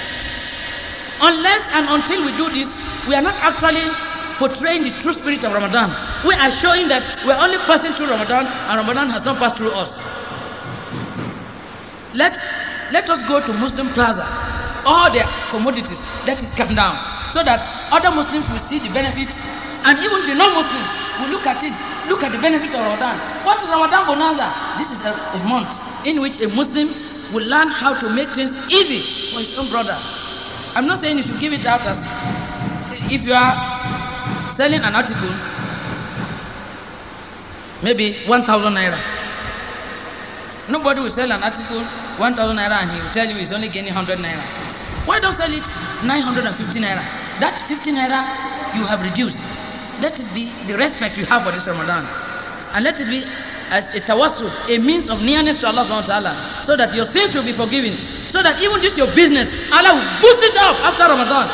Unless and until we do this, we are not actually portraying the true spirit of Ramadan. We are showing that we're only passing through Ramadan and Ramadan has not passed through us. Let, let us go to Muslim Plaza. All the commodities, let it come down so that other Muslims will see the benefits, and even the non-Muslims will look at it, look at the benefit of Ramadan. What is Ramadan Bonanza? This is a, a month in which a Muslim will learn how to make things easy for his own brother. I'm not saying you should give it out as if you are selling an article, maybe 1,000 naira. Nobody will sell an article 1,000 naira and he will tell you he's only gaining 100 naira. Why don't sell it 950 naira? that 15 naira you have reduced, let it be the respect you have for this Ramadan. And let it be as a tawassul, a means of nearness to Allah subhanahu wa ta'ala, so that your sins will be forgiven, so that even this your business, Allah will boost it up after Ramadan.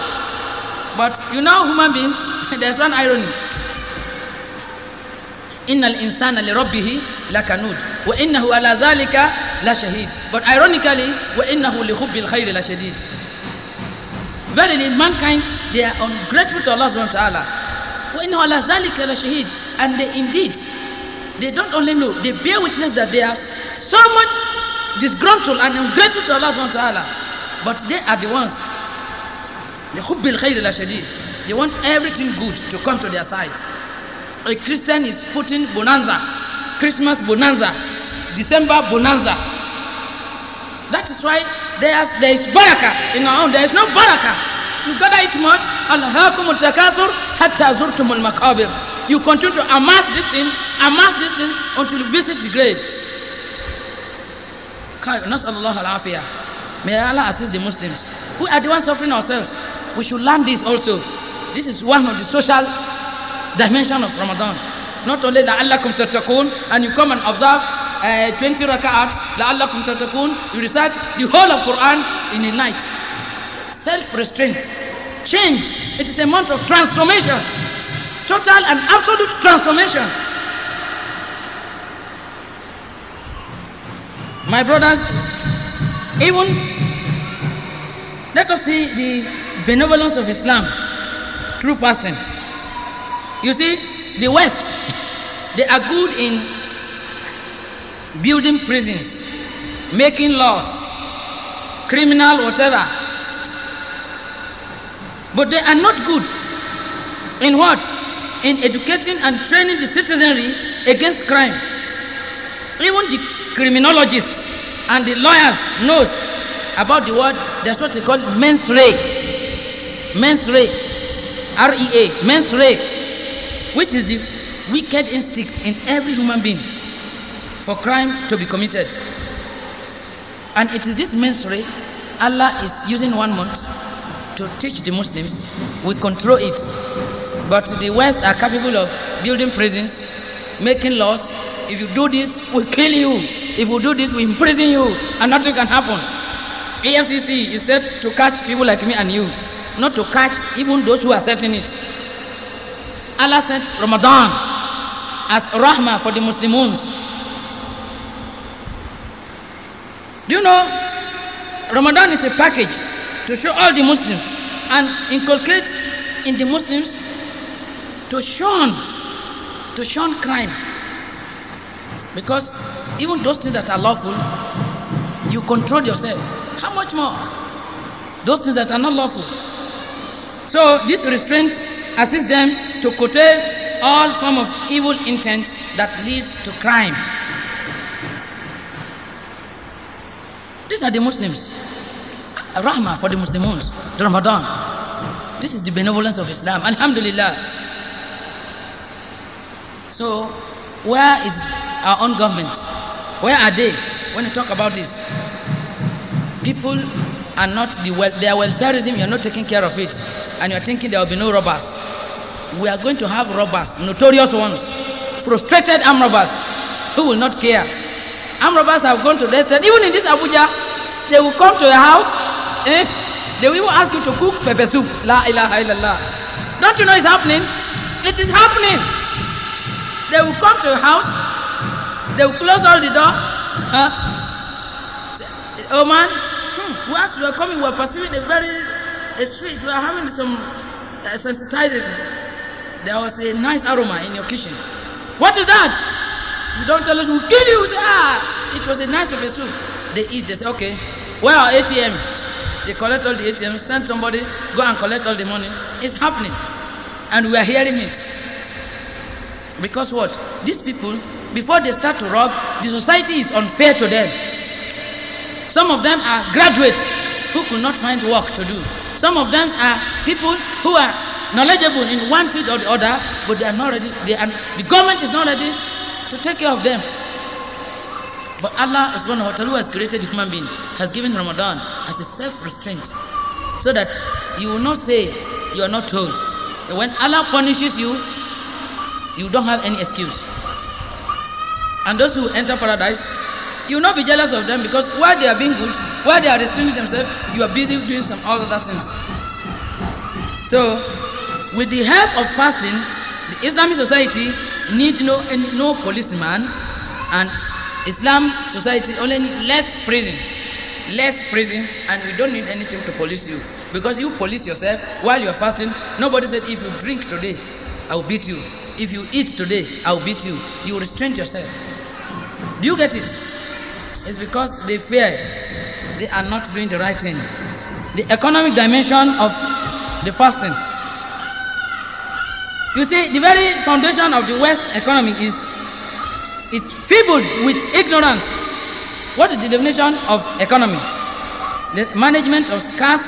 But you know, human being, there's one irony. إن الإنسان لربه لكنود وإنه على ذلك لشهيد but ironically وإنه لحب الخير لشديد Verily, mankind, they are ungrateful to Allah subhanahu wa ta'ala. وَإِنَّهُ عَلَى ذَلِكَ And they indeed, they don't only know, they bear witness that they are so much disgruntled and ungrateful to Allah subhanahu wa ta'ala. But they are the ones. They want everything good to come to their side. A Christian is putting bonanza, Christmas bonanza, December bonanza. That is why there's, there is barakah. In our own, there is no barakah. You gotta eat much. Alhaakum al-takasur hatta zurtum makabir You continue to amass this thing, amass this thing until you visit the grave. May Allah assist the Muslims. We are the ones suffering ourselves. We should learn this also. This is one of the social dimension of Ramadan. Not only that Allah comes to and you come and observe, uh, 20 raka'at, la'allakum tatakun, you recite the whole of Quran in a night. Self-restraint. Change. It is a month of transformation. Total and absolute transformation. My brothers, even let us see the benevolence of Islam through fasting. You see, the West, they are good in building prisons, making laws, criminal, whatever. But they are not good in what? In educating and training the citizenry against crime. Even the criminologists and the lawyers knows about the word, that's what they call men's rape. Men's rape. R-E-A. Men's rape. Which is the wicked instinct in every human being for crime to be committed. And it is this ministry Allah is using one month to teach the Muslims. We control it. But the West are capable of building prisons, making laws. If you do this, we kill you. If you do this, we imprison you. And nothing can happen. AFCC is set to catch people like me and you, not to catch even those who are setting it. Allah sent Ramadan as rahmah for the Muslims. Do you know Ramadan is a package to show all the Muslims and inculcate in the Muslims to shun to shun crime. Because even those things that are lawful, you control yourself. How much more? Those things that are not lawful. So this restraint assists them to curtail all form of evil intent that leads to crime. These are the Muslims. Rahmah for the Muslims. The Ramadan. This is the benevolence of Islam. Alhamdulillah. So, where is our own government? Where are they when you talk about this? People are not the well, their welfareism, you're not taking care of it. And you're thinking there will be no robbers. We are going to have robbers, notorious ones, frustrated arm robbers who will not care Arm robbers have gone to restaurant. Even in this Abuja, they will come to your house. Eh? They will even ask you to cook pepper soup. La ilaha illallah. Don't you know it's happening? It is happening. They will come to your house. They will close all the door. Huh? Oh man, hmm, we are you coming, we are pursuing a very a street. We are having some uh, sensitizing. There was a nice aroma in your kitchen. What is that? You don't tell us we'll kill you. say, ah, it was a nice of a soup. They eat. They say, okay, where are ATM? They collect all the ATM, send somebody, go and collect all the money. It's happening. And we are hearing it. Because what? These people, before they start to rob, the society is unfair to them. Some of them are graduates who could not find work to do. Some of them are people who are knowledgeable in one field or the other, but they are not ready. They are, the government is not ready to take care of them. But Allah is one of who has created human being, has given Ramadan as a self-restraint. So that you will not say you are not told. when Allah punishes you, you don't have any excuse. And those who enter paradise, you will not be jealous of them because while they are being good, while they are restraining themselves, you are busy doing some other things. So, with the help of fasting, the Islamic society need no no policeman and Islam society only less prison, less prison, and we don't need anything to police you because you police yourself while you are fasting. Nobody said if you drink today, I'll beat you. If you eat today, I'll beat you. You restrain yourself. Do you get it? It's because they fear they are not doing the right thing. The economic dimension of the fasting you see, the very foundation of the West economy is is feebled with ignorance. What is the definition of economy? The management of scarce,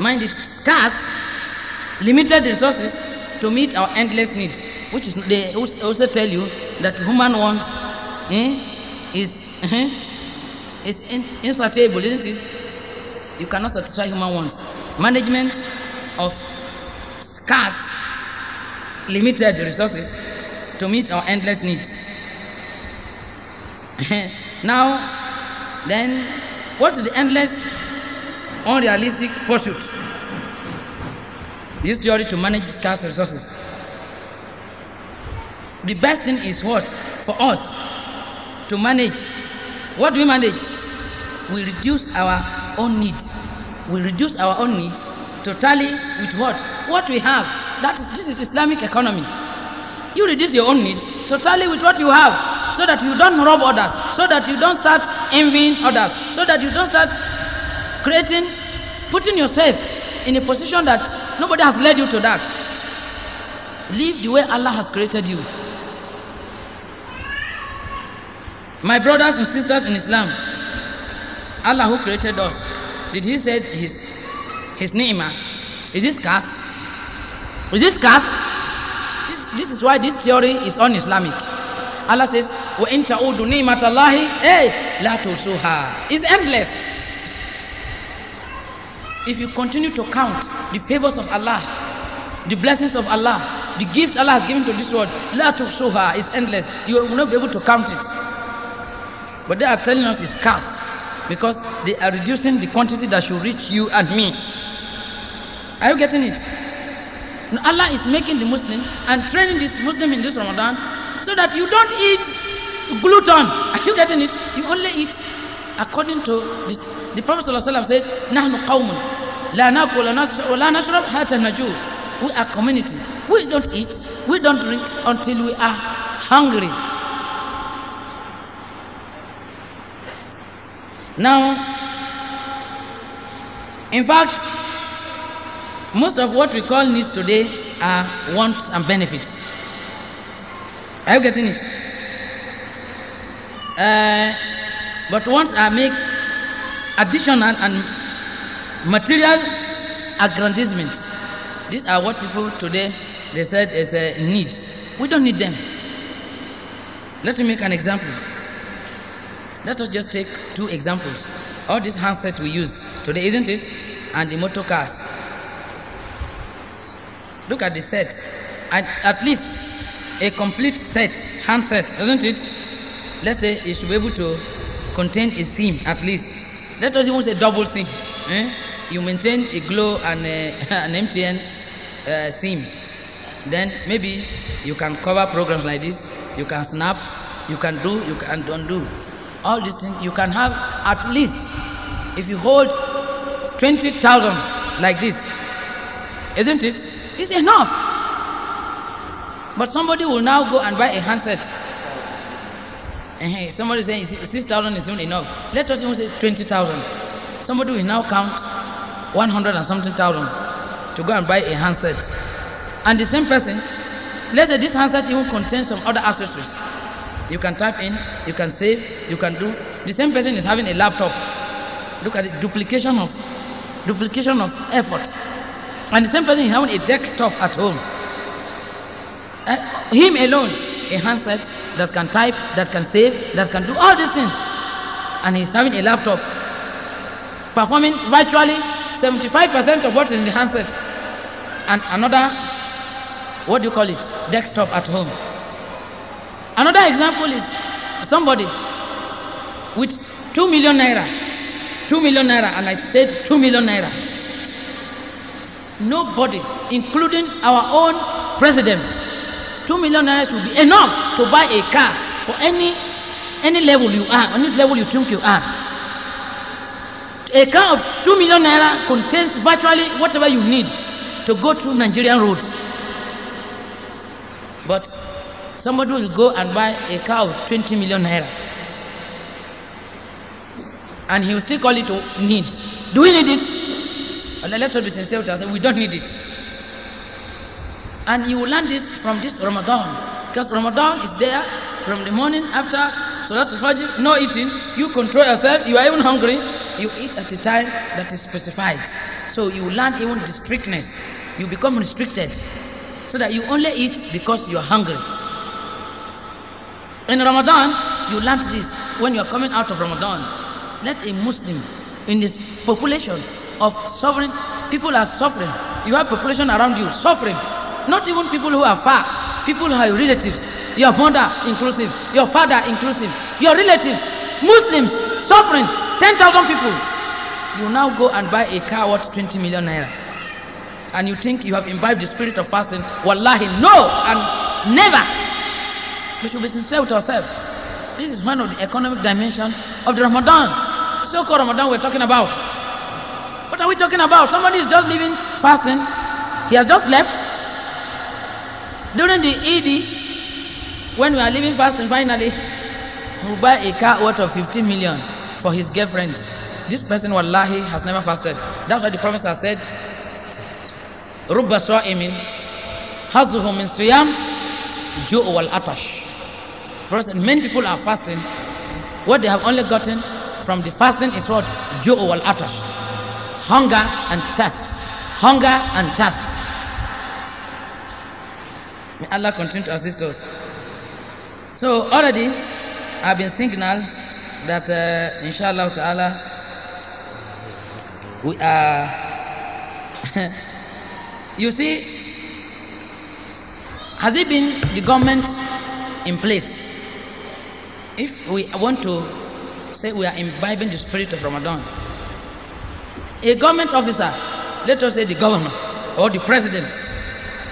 mind it, scarce, limited resources to meet our endless needs, which is they also tell you that human wants eh, is eh, is insatiable, isn't it? You cannot satisfy human wants. Management of scarce, limited resources to meet our endless needs. now, then, what is the endless, unrealistic pursuit? This theory to manage scarce resources. The best thing is what? For us to manage. What we manage? We reduce our own needs. We reduce our own needs totally with what? what we have. That is, this is Islamic economy. You reduce your own needs totally with what you have so that you don't rob others, so that you don't start envying others, so that you don't start creating, putting yourself in a position that nobody has led you to that. Live the way Allah has created you. My brothers and sisters in Islam, Allah who created us, did He say His His ni'mah? Is this curse? Is this curse, this, this is why this theory is un-Islamic. Allah says, وَإِن تَعُودُ اللَّهِ hey, لَا تُوسُوهَا It's endless. If you continue to count the favors of Allah, the blessings of Allah, the gift Allah has given to this world, لَا تُوسُوهَا is endless. You will not be able to count it. But they are telling us it's curse because they are reducing the quantity that should reach you and me. Are you getting it? Allah is making the Muslim and training this Muslim in this Ramadan so that you don't eat gluten. Are you getting it? You only eat according to the, the Prophet ﷺ said, نَحْنُ قَوْمٌ لا نأكل ولا نشرب حتى نجوع. We are community. We don't eat, we don't drink until we are hungry. Now, in fact, most of what we call needs today are wants and benefits. Are you getting it? Uh, but wants are make additional and material aggrandizement. These are what people today they said is a need. We don't need them. Let me make an example. Let us just take two examples. All these handsets we used today, isn't it? And the motor cars. Look at the set. At, at least a complete set, handset, isn't it? Let's say it should be able to contain a SIM at least. Let us even say double SIM. Eh? You maintain a Glow and eh, a, an MTN uh, eh, SIM. Then maybe you can cover programs like this. You can snap. You can do. You can undo. All these things you can have at least if you hold twenty thousand like this, isn't it? It's enough. But somebody will now go and buy a handset. Uh-huh. Somebody saying 6,000 is not enough. Let us even say 20,000. Somebody will now count 100 and something thousand to go and buy a handset. And the same person, let's say this handset even contains some other accessories. You can type in, you can save, you can do. The same person is having a laptop. Look at the duplication of duplication of effort. And the same person is having a desktop at home. Uh, him alone, a handset that can type, that can save, that can do all these things. And he's having a laptop performing virtually 75% of what is in the handset. And another, what do you call it? Desktop at home. Another example is somebody with 2 million naira. 2 million naira, and I said 2 million naira nobody, including our own president, two million naira will be enough to buy a car for any any level you are, any level you think you are. A car of two million naira contains virtually whatever you need to go through Nigerian roads. But somebody will go and buy a car of twenty million naira. And he will still call it needs. Do we need it? I let us be sincere with ourselves. We don't need it. And you will learn this from this Ramadan. Because Ramadan is there from the morning after Salatul Fajr, no eating. You control yourself. You are even hungry. You eat at the time that is specified. So you learn even the strictness. You become restricted. So that you only eat because you are hungry. In Ramadan, you learn this when you are coming out of Ramadan. Let a Muslim in this population of suffering. People are suffering. You have population around you suffering. Not even people who are far. People who are relatives. Your mother inclusive. Your father inclusive. Your relatives. Muslims suffering. Ten thousand people. You now go and buy a car worth twenty million naira. And you think you have imbibed the spirit of fasting. Wallahi, no and never. We should be sincere with ourselves. This is one of the economic dimension of the Ramadan. Now, so called Ramadan we're talking about. What are we talking about? Somebody is just living fasting. He has just left. During the Eid, when we are leaving fasting, finally, we buy a car worth of 50 million for his girlfriend. This person, wallahi, has never fasted. That's why the Prophet has said, رُبَّ صَائِمٍ حَظُّهُ مِنْ صِيَامٍ جُوءُ وَالْعَطَشِ atash. said, many people are fasting. What they have only gotten from the fasting is what? Ju'u wal atash. Hunger and thirst. Hunger and thirst. May Allah continue to assist us. So already I've been signaled that uh, inshallah ta'ala we are you see has it been the government in place if we want to Say we are imbibing the spirit of Ramadan. A government officer, let us say the governor or the president,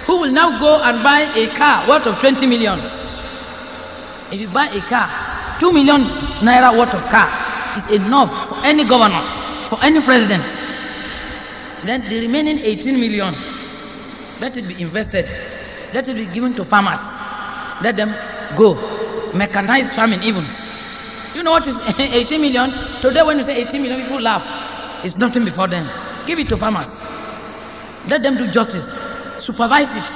who will now go and buy a car worth of 20 million. If you buy a car, 2 million naira worth of car is enough for any governor, for any president. Then the remaining 18 million, let it be invested, let it be given to farmers, let them go, mechanize farming even. You know what is 80 million? Today when you say 80 million, people laugh. It's nothing before them. Give it to farmers. Let them do justice. Supervise it.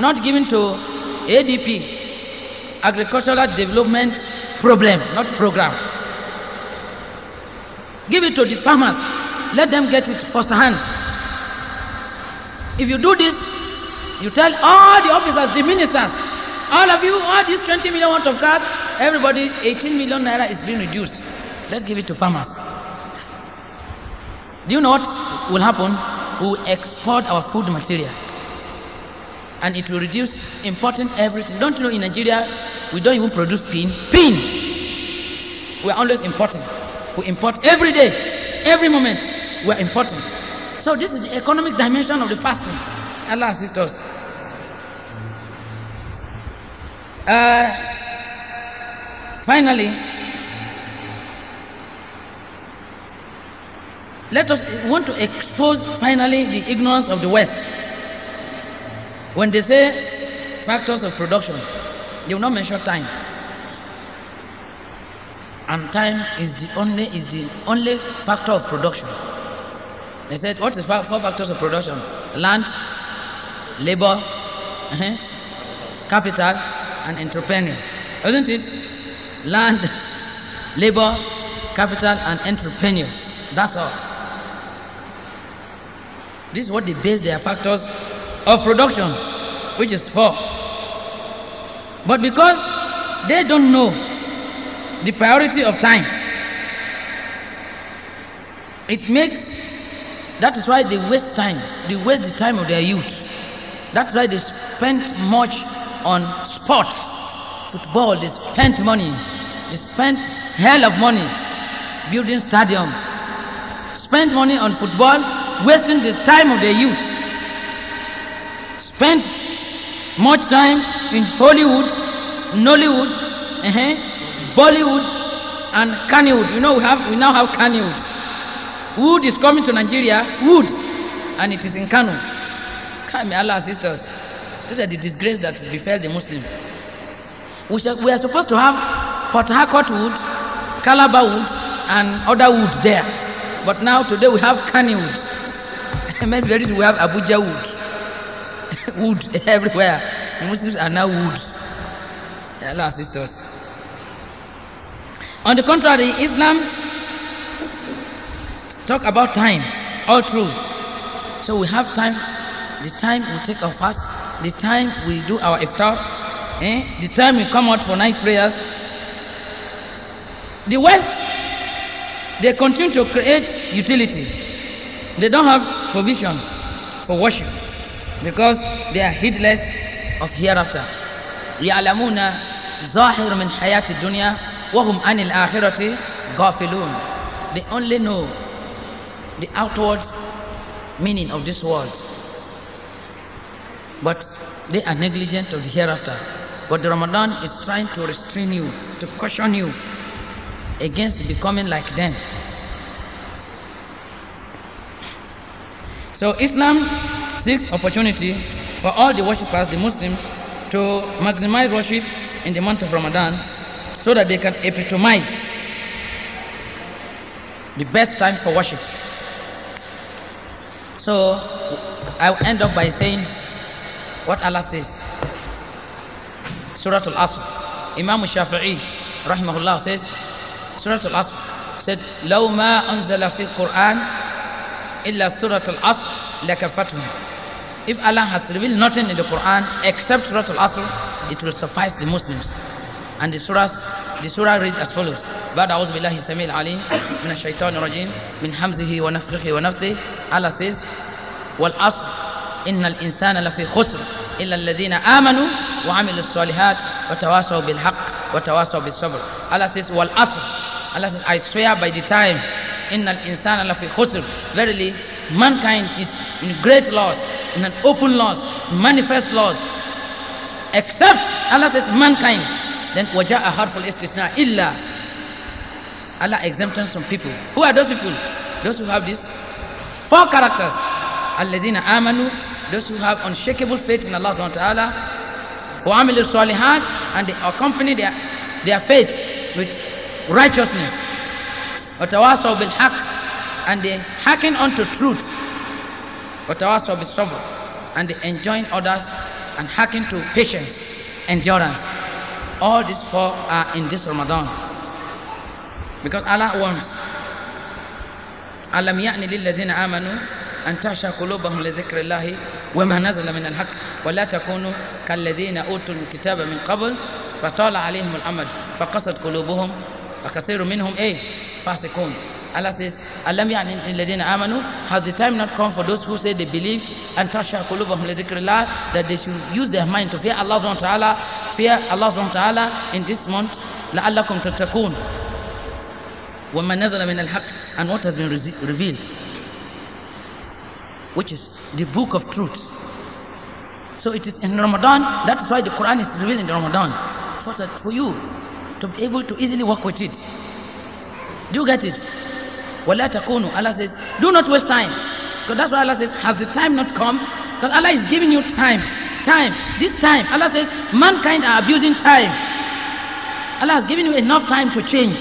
Not given to ADP, Agricultural Development Problem, not program. Give it to the farmers. Let them get it firsthand. If you do this, you tell all the officers, the ministers, all of you, all these 20 million worth of cars, everybody, 18 million naira is being reduced. Let's give it to farmers. Do you know what will happen? We will export our food material. And it will reduce importing everything. Don't you know in Nigeria, we don't even produce pin? Pin! We are always importing. We import every day, every moment, we are importing. So this is the economic dimension of the fasting. Allah assist us. Uh, finally, let us want to expose finally the ignorance of the West. When they say factors of production, they will not mention time. And time is the only is the only factor of production. They said, what is four factors of production? Land, labor, uh-huh, capital, an entrepreneur, isn't it? Land, labor, capital, and entrepreneur. That's all. This is what they base their factors of production, which is four. But because they don't know the priority of time, it makes that is why they waste time, they waste the time of their youth. That's why they spend much on sports. Football, they spent money. They spent hell of money building stadium. Spent money on football, wasting the time of their youth. Spent much time in Hollywood, Nollywood, uh-huh, Bollywood, and Kannywood. You know, we, have, we now have Kannywood. Wood is coming to Nigeria, wood, and it is in Kano. Come, Allah, sisters. Look at the disgrace that befell the Muslims. We, shall, we are supposed to have Port Harcourt wood, Calabar wood, and other wood there. But now today we have Kani wood. Maybe very soon we have Abuja wood. wood everywhere. The Muslims are now woods. Allah assist us. On the contrary, Islam talk about time all through. So we have time, the time we take our fast, the time we do our iftar, eh? the time we come out for night prayers. The West, they continue to create utility. They don't have provision for worship because they are heedless of hereafter. يعلمون ظاهر من حياة الدنيا وهم عن الآخرة غافلون. They only know the outward meaning of this world but they are negligent of the hereafter. But the Ramadan is trying to restrain you, to caution you against becoming like them. So Islam seeks opportunity for all the worshippers, the Muslims, to maximize worship in the month of Ramadan so that they can epitomize the best time for worship. So I'll end up by saying what Allah says? Surah Al-Asr. Imam Shafi'i, rahimahullah, says, Surah Al-Asr, said, لو ما أنزل في القرآن إلا سورة العصر لكفتهم. If Allah has revealed nothing in the Quran except Surah Al-Asr, it will suffice the Muslims. And the surahs, the surah reads as follows. بعد أعوذ بالله السميع العليم من الشيطان الرجيم من حمزه ونفخه ونفثه Allah says والأصل إن الإنسان لفي خسر إلا الذين آمنوا وعملوا الصالحات وتواصوا بالحق وتواصوا بالصبر Allah says والأصل Allah says I swear by the time إن الإنسان لفي خسر verily mankind is in great loss in an open loss manifest loss except Allah says mankind then وجاء حرف الاستثناء إلا Allah exemptions from people who are those people those who have this four characters الذين amanu, those who have unshakable faith in Allah subhanahu wa ta'ala وعملوا and they accompany their, their faith with righteousness وتواصوا بالحق and they hearken unto truth وتواصوا sabr, and they enjoin others and hearken to patience endurance all these four are in this Ramadan because Allah wants ألم lil للذين amanu. أن تخشى قلوبهم لذكر الله وما نزل من الحق ولا تكونوا كالذين أوتوا الكتاب من قبل فطال عليهم الأمد فقصد قلوبهم وكثير منهم إيه فاسقون Allah says, Alam ya'nin amanu, has the time not come for those who say they believe and tasha qulubahum li dhikrillah, that they should use their mind to fear Allah subhanahu wa ta'ala, fear Allah subhanahu wa ta'ala in this month, لَعَلَّكُمْ تَتَّقُونَ وَمَا نَزَلَ مِنَ الْحَقِّ And what has been revealed which is the book of truth. So it is in Ramadan, that's why the Quran is revealed in Ramadan. For, that, for you to be able to easily work with it. Do you get it? Wala takunu. Allah says, do not waste time. Because that's why Allah says, has the time not come? Because Allah is giving you time. Time. This time. Allah says, mankind are abusing time. Allah has given you enough time to change.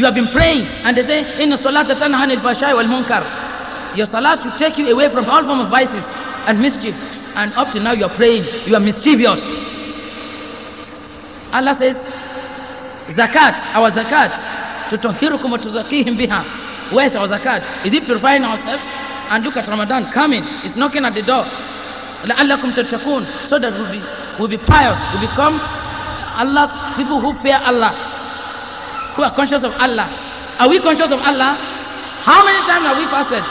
You have been praying and they say, Inna salata tanhanil fashai wal munkar. Your salah should take you away from all form of vices and mischief. And up to now you are praying, you are mischievous. Allah says, Zakat, our zakat, to tuhirukum wa biha. Where is our zakat? Is it purifying ourselves? And look at Ramadan coming, it's knocking at the door. to takun So that we'll be, we'll be pious, we become Allah's people who fear Allah, who are conscious of Allah. Are we conscious of Allah? How many times have we fasted?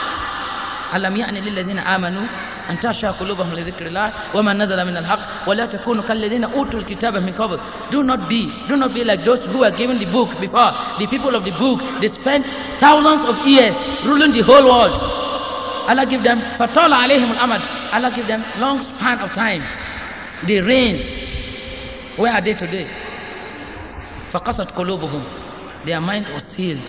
ألم يعني للذين آمنوا أن تشاء قلوبهم لذكر الله وما نزل من الحق ولا تكونوا كالذين أوتوا الكتاب من قبل do not be do not be like those who were given the book before the people of the book they spent thousands of years ruling the whole world Allah give them فطال عليهم الأمد Allah give them long span of time they reign where are they today فقصت قلوبهم their mind was sealed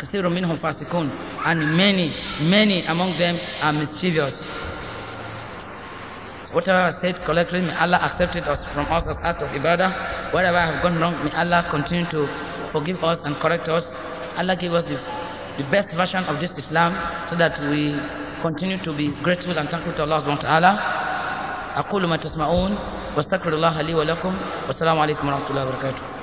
كثير منهم فاسقون and many many among them are mischievous whatever I said collectively may Allah accept it from us as act of ibadah whatever I have gone wrong may Allah continue to forgive us and correct us Allah give us the, the best version of this Islam so that we continue to be grateful and thankful to Allah subhanahu wa ta'ala أقول ما تسمعون واستغفر الله لي ولكم والسلام عليكم ورحمة الله وبركاته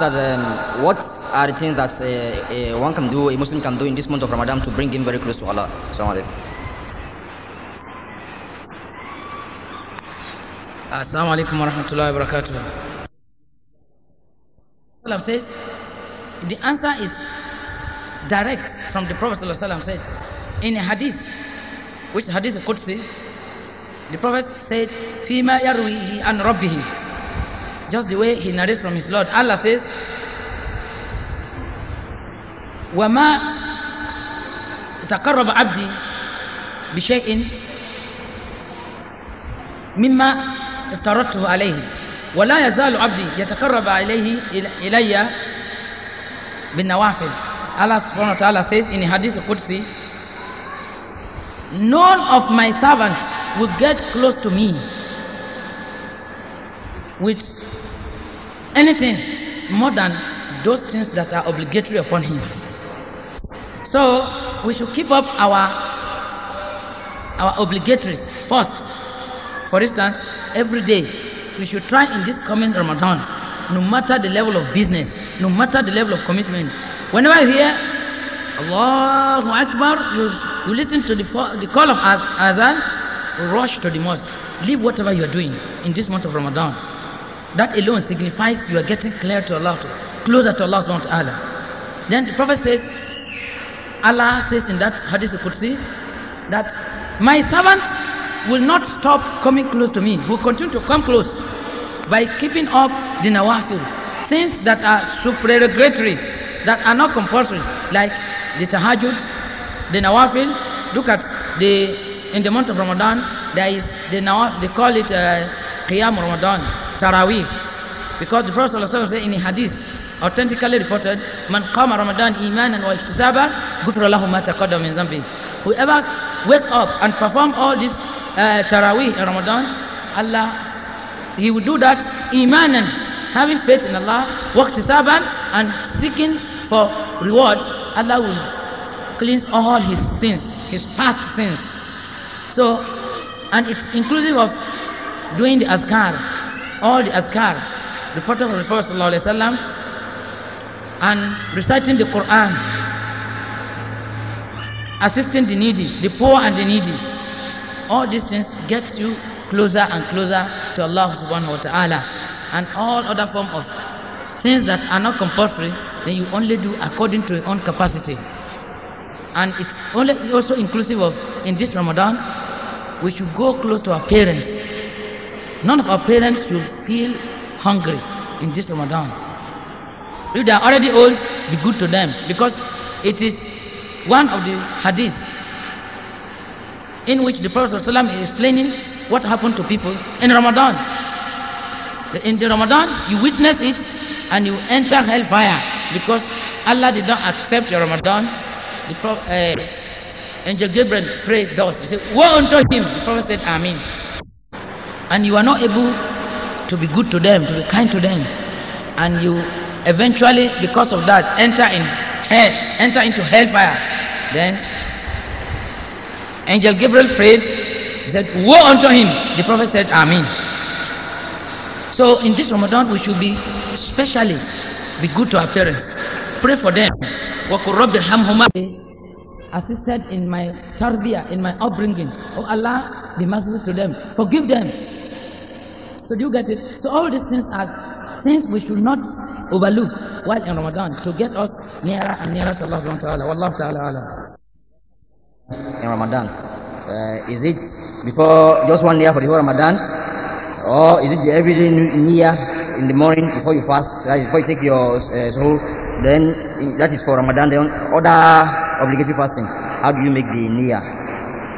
that um, what are the things that uh, uh, one can do, a Muslim can do in this month of Ramadan to bring him very close to Allah? Assalamualaikum alaikum wa rahmatullahi wa barakatuh. Well, said, the answer is direct from the Prophet said in a hadith, which hadith could say, the Prophet said, فيما يرويه عن ربه just the way he narrates from his Lord. Allah says, وَمَا تقرب عبدي بشيء مما افترضته عليه ولا يزال عبدي يتقرب إليه إلي بالنوافل Allah subhanahu wa ta'ala says in Hadith Qudsi, None of my servants will get close to me with anything more than those things that are obligatory upon him. So we should keep up our our obligatories first. For instance, every day we should try in this coming Ramadan, no matter the level of business, no matter the level of commitment. Whenever you hear Allahu Akbar, you, you listen to the, the call of Azan, rush to the mosque. Leave whatever you are doing in this month of Ramadan. That alone signifies you are getting clear to Allah, closer to Allah Then the Prophet says, Allah says in that Hadith Qudsi, that my servant will not stop coming close to me, will continue to come close by keeping up the nawafil, things that are supererogatory, that are not compulsory, like the tahajjud, the nawafil. Look at the in the month of Ramadan, there is the nawafil, they call it uh, Qiyam Ramadan. Taraweeh. Because the Prophet ﷺ said in a hadith, authentically reported, Man qama Ramadan imanan wa ihtisaba, gufra lahu ma taqaddam min zambi. Whoever wake up and perform all this uh, Taraweeh in Ramadan, Allah, he will do that and having faith in Allah, wa Sabah and seeking for reward, Allah will cleanse all his sins, his past sins. So, and it's inclusive of doing the azkar, all the azkar reported from the Prophet ﷺ and reciting the Quran, assisting the needy, the poor and the needy. All these things get you closer and closer to Allah subhanahu wa ta'ala and all other form of things that are not compulsory then you only do according to your own capacity and it's only also inclusive of in this Ramadan we should go close to our parents None of our parents should feel hungry in this Ramadan. If they are already old, be good to them because it is one of the hadith in which the Prophet ﷺ is explaining what happened to people in Ramadan. In the Ramadan, you witness it and you enter hellfire because Allah did not accept your Ramadan. The Prophet, uh, Angel Gabriel prayed thus. He said, Woe unto him. The Prophet said, Amen and you are not able to be good to them, to be kind to them, and you eventually, because of that, enter in hell, enter into hellfire, then angel Gabriel prayed, he said, "Woe unto him." The prophet said, "Amen." So in this Ramadan, we should be especially be good to our parents, pray for them. Assisted in my tarbiyah, in my upbringing. Oh Allah, be merciful to them, forgive them, so do you get it? So all these things are things we should not overlook while in Ramadan to get us nearer and nearer to Allah subhanahu wa ta'ala. Wallahu ta'ala In Ramadan, uh, is it before just one year for the whole Ramadan? Or is it every day in year in the morning before you fast, right, before you take your uh, soul, then that is for Ramadan. Then other obligatory fasting. How do you make the niyyah?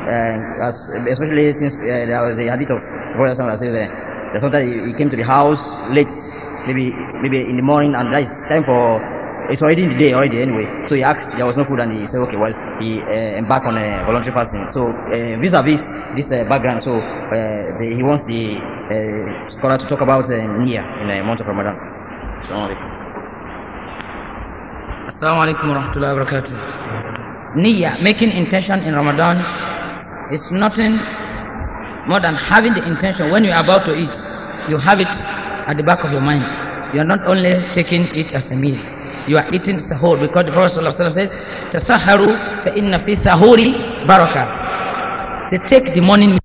Uh, especially since uh, there was a hadith of Prophet that says sometimes he came to the house late, maybe maybe in the morning, and that is time for it's already in the day already anyway. So he asked, there was no food, and he said, okay, well, he uh, embarked on a voluntary fasting. So uh, vis-a-vis this uh, background, so uh, the, he wants the uh, scholar to talk about uh, Nia in the month of Ramadan. Assalamu alaikum wa rahmatullahi wa barakatuh. making intention in Ramadan, it's nothing more than having the intention when you're about to eat, you have it at the back of your mind. You're not only taking it as a meal, you are eating whole. because the Prophet ﷺ said, Tasaharu fa inna fi sahuri baraka. They take the morning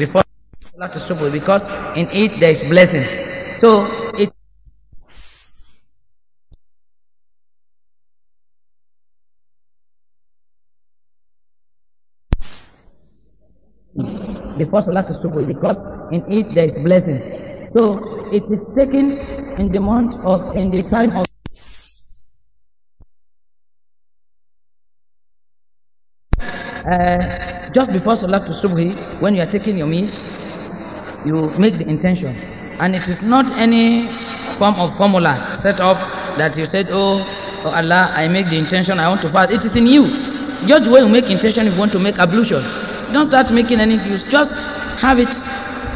before because in it there is blessings. So before Salatul Subuh because in it there is blessing. So it is taken in the month of, in the time of Uh, just before to Subhi, when you are taking your meal, you make the intention. And it is not any form of formula set up that you said, oh, oh Allah, I make the intention, I want to fast. It is in you. Just the way you make intention you want to make ablution. Don't start making any views. Just have it,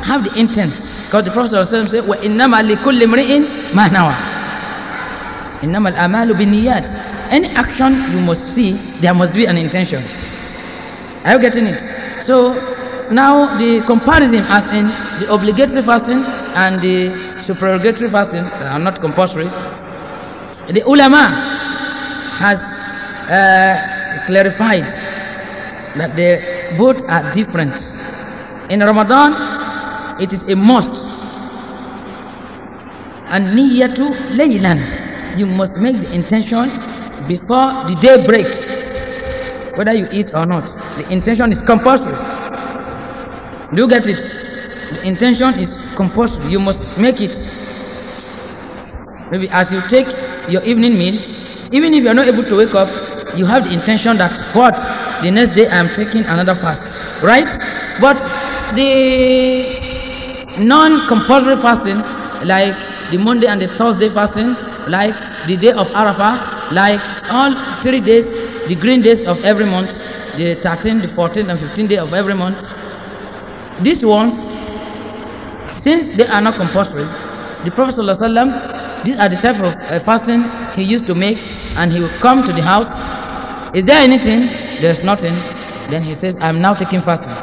have the intent. Because the Prophet said, وَإِنَّمَا لِكُلِّ مْرِئٍ مَا نَوَى Any action you must see, there must be an intention. Are you getting it? So, now the comparison as in the obligatory fasting and the supererogatory fasting are not compulsory. The ulama has uh, clarified that they both are different. In Ramadan, it is a must. And niyatu laylan. You must make the intention before the day break. Whether you eat or not. The intention is compulsory. Do you get it? The intention is compulsory. You must make it. Maybe as you take your evening meal, even if you are not able to wake up, you have the intention that what the next day I'm taking another fast, right? But the non-compulsory fasting, like the Monday and the Thursday fasting, like the day of Arafah, like all three days, the green days of every month, the 13th, the 14th, and 15th day of every month, these ones, since they are not compulsory, the Prophet ﷺ, these are the type of uh, fasting he used to make, and he would come to the house. Is there anything there's nothing, then he says, I'm now taking fasting.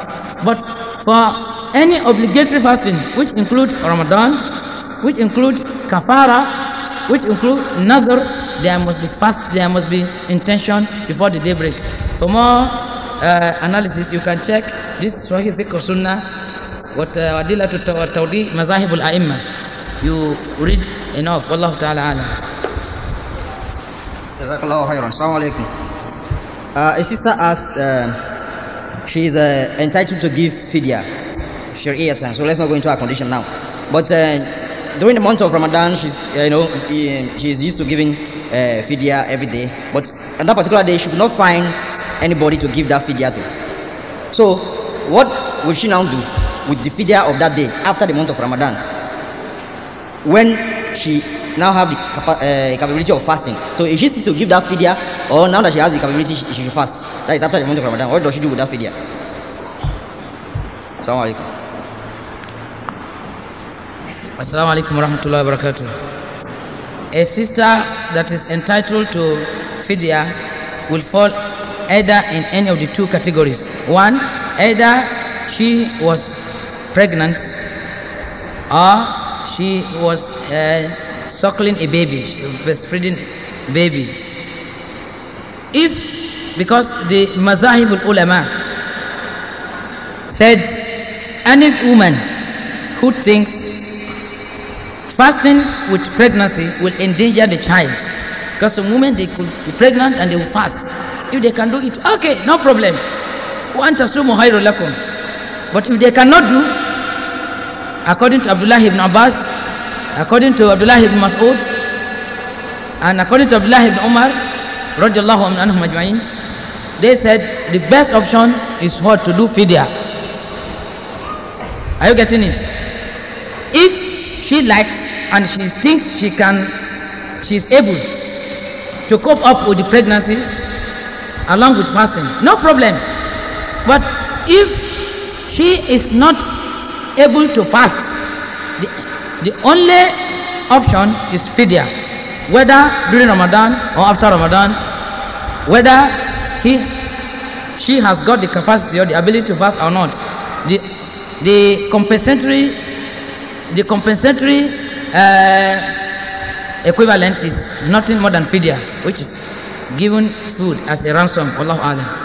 But for any obligatory fasting, which include Ramadan, which include kafara, which include nazar, there must be fast, there must be intention before the day break. For more uh, analysis, you can check this Swahili Fiqh Sunnah وتعديلة التوضيح مذاهب الأئمة you read enough Allah تعالى أعلم جزاك uh, a sister asked, uh, is uh, entitled to give fidya, Sharia time. So let's not go into her condition now. But uh, during the month of Ramadan, she's uh, you know she's used to giving uh, fidya every day. But on that particular day, she could not find anybody to give that fidya to. So what will she now do with the fidya of that day after the month of Ramadan? When she now have the capability of fasting, so is she still to give that fidya Oh, now that she has the capability, she, she should fast. That is after the month of Ramadan. What does she do with that fidya? Assalamu alaikum. Assalamu alaikum warahmatullahi wabarakatuh. A sister that is entitled to fidya will fall either in any of the two categories. One, either she was pregnant or she was uh, suckling a baby, breastfeeding baby if, because the Mazahib ulama said, any woman who thinks fasting with pregnancy will endanger the child, because some women, they could be pregnant and they will fast. If they can do it, okay, no problem. But if they cannot do, according to Abdullah ibn Abbas, according to Abdullah ibn Mas'ud, and according to Abdullah ibn Umar, they said the best option is what to do fidya. Are you getting it? If she likes and she thinks she can, she is able to cope up with the pregnancy along with fasting, no problem. But if she is not able to fast, the, the only option is fidya, whether during Ramadan or after Ramadan whether he, she has got the capacity or the ability to work or not. The, the compensatory, the compensatory uh, equivalent is nothing more than fidya, which is given food as a ransom. Allahu Alam.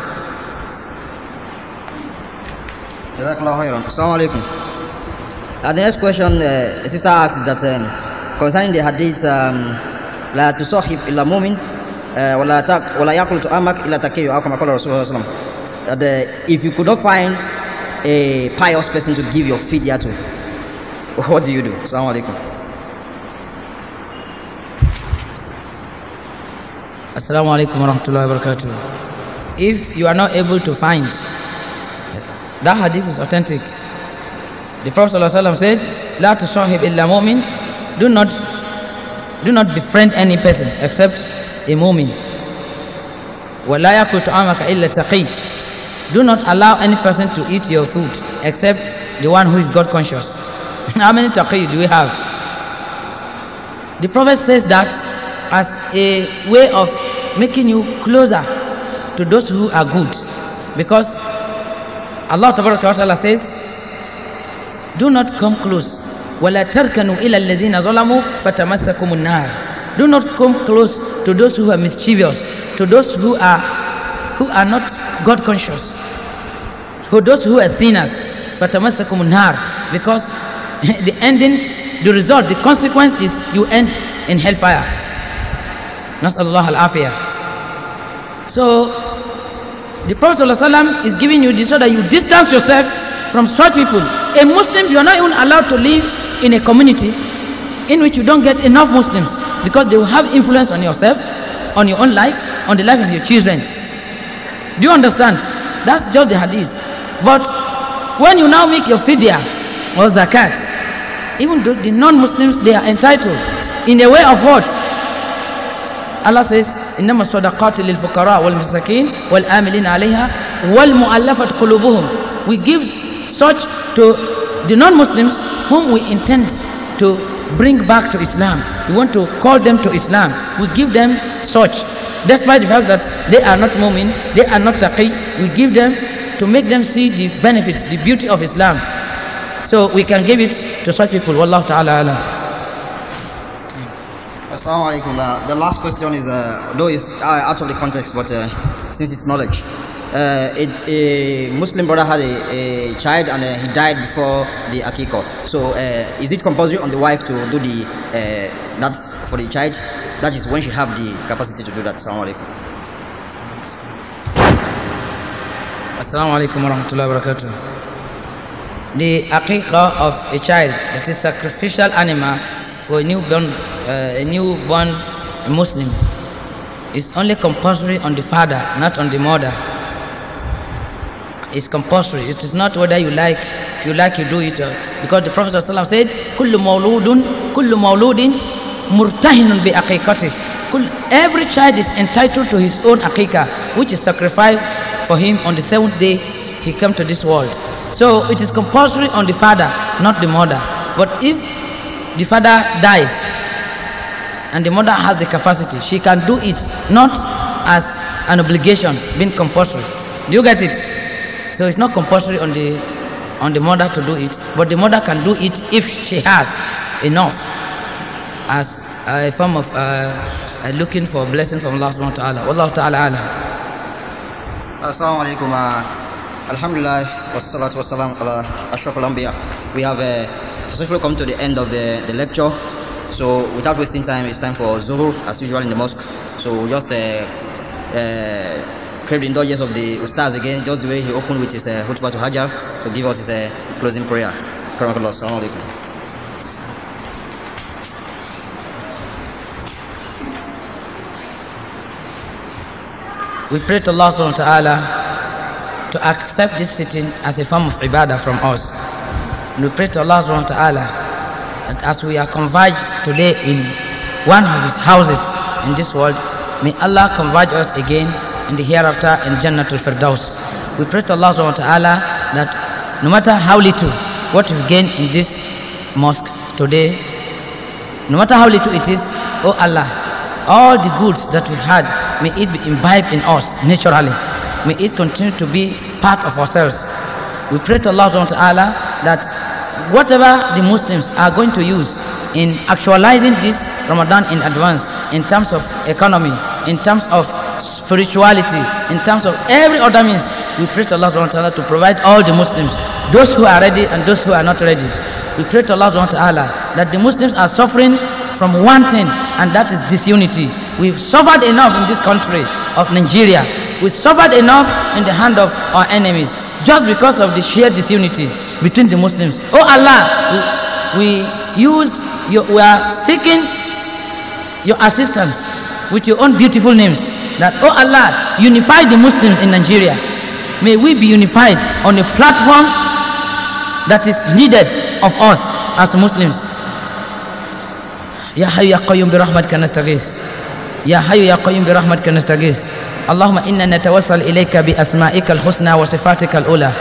Uh, the next question uh, sister asks that um, concerning the hadith um, لا تصاحب إلا مؤمن Eh, if you could not find a pious person to give your fidya to what do you do assalamu alaikum assalamu alaikum warahmatullahi wabarakatuh if you are not able to find that hadith is authentic the prophet sallallahu said la tusahib illa mu'min do not do not befriend any person except مؤمن ولا يأكل طعامك إلا تقي do not allow any person to eat your food except the one who is God conscious how many taqi do we have the prophet says that as a way of making you closer to those who are good because Allah Ta'ala says do not come close ولا تركنوا إلى الذين ظلموا النار do not come close to those who are mischievous, to those who are who are not God conscious, to those who are sinners. Because the ending, the result, the consequence is you end in hellfire. Nas'allah al So, the Prophet is giving you this so that you distance yourself from such people. A Muslim, you are not even allowed to live in a community in which you don't get enough Muslims because they will have influence on yourself, on your own life, on the life of your children. Do you understand? That's just the hadith. But when you now make your fidya or zakat, even the non-Muslims, they are entitled in the way of what? Allah says, إنما الصدقات للفقراء والمساكين والآملين عليها والمؤلفة قلوبهم. We give such to the non-Muslims whom we intend to bring back to Islam. We want to call them to Islam. We give them such. Despite the fact that they are not mu'min, they are not taqi, we give them to make them see the benefits, the beauty of Islam. So we can give it to such people. Wallahu ta'ala ala. Assalamu alaikum. Uh, the last question is, uh, though it's uh, out of the context, but uh, since it's knowledge uh, a Muslim brother had a, a child and uh, he died before the akiko. So uh, is it compulsory on the wife to do the uh, that for the child? That is when she have the capacity to do that. Assalamu alaikum. Assalamu alaikum warahmatullahi wabarakatuh. The akika of a child, that is sacrificial animal for a newborn, uh, a newborn Muslim, is only compulsory on the father, not on the mother is compulsory. It is not whether you like, if you like, you do it. Uh, because the Prophet ﷺ said, "Kullu mauludun, kullu mauludin, murtahinun bi aqiqatih." Every child is entitled to his own aqiqah, which is sacrificed for him on the seventh day he came to this world. So it is compulsory on the father, not the mother. But if the father dies and the mother has the capacity, she can do it, not as an obligation, being compulsory. Do you get it? So it's not compulsory on the on the mother to do it, but the mother can do it if she has enough as a form of uh, looking for a blessing from Allah subhanahu wa ta'ala. Wallahu ta'ala alam. Assalamu uh, alhamdulillah, wassalatu wassalam ala We have uh, successfully come to the end of the, the lecture. So without wasting time, it's time for Zuhur as usual in the mosque. So just uh, uh crave the indulgence of the Ustaz again, just the way he opened with his uh, to Hajar to give us his uh, closing prayer. Alaikum. We pray to Allah subhanahu wa ta'ala to accept this sitting as a form of ibadah from us. And we pray to Allah subhanahu wa ta'ala that as we are converged today in one of his houses in this world, may Allah converge us again in the hereafter in Jannatul al-Firdaus. We pray to Allah subhanahu wa ta'ala that no matter how little what we gain in this mosque today, no matter how little it is, O oh Allah, all the goods that we had, may it be imbibed in us naturally. May it continue to be part of ourselves. We pray to Allah subhanahu wa ta'ala that whatever the Muslims are going to use in actualizing this Ramadan in advance in terms of economy, in terms of spirituality, in terms of every other means, we pray to Allah subhanahu to provide all the Muslims, those who are ready and those who are not ready. We pray to Allah subhanahu wa that the Muslims are suffering from one thing and that is disunity. We've suffered enough in this country of Nigeria. We suffered enough in the hand of our enemies just because of the sheer disunity between the Muslims. Oh Allah, we, we used your, we are seeking your assistance with your own beautiful names. that, oh Allah, unify the Muslims in Nigeria. May we be unified on a platform that is needed of us as Muslims. يا حي يا قيوم برحمتك نستغيث يا حي يا قيوم برحمتك نستغيث اللهم إنا نتوسل إليك بأسمائك الحسنى وصفاتك الأولى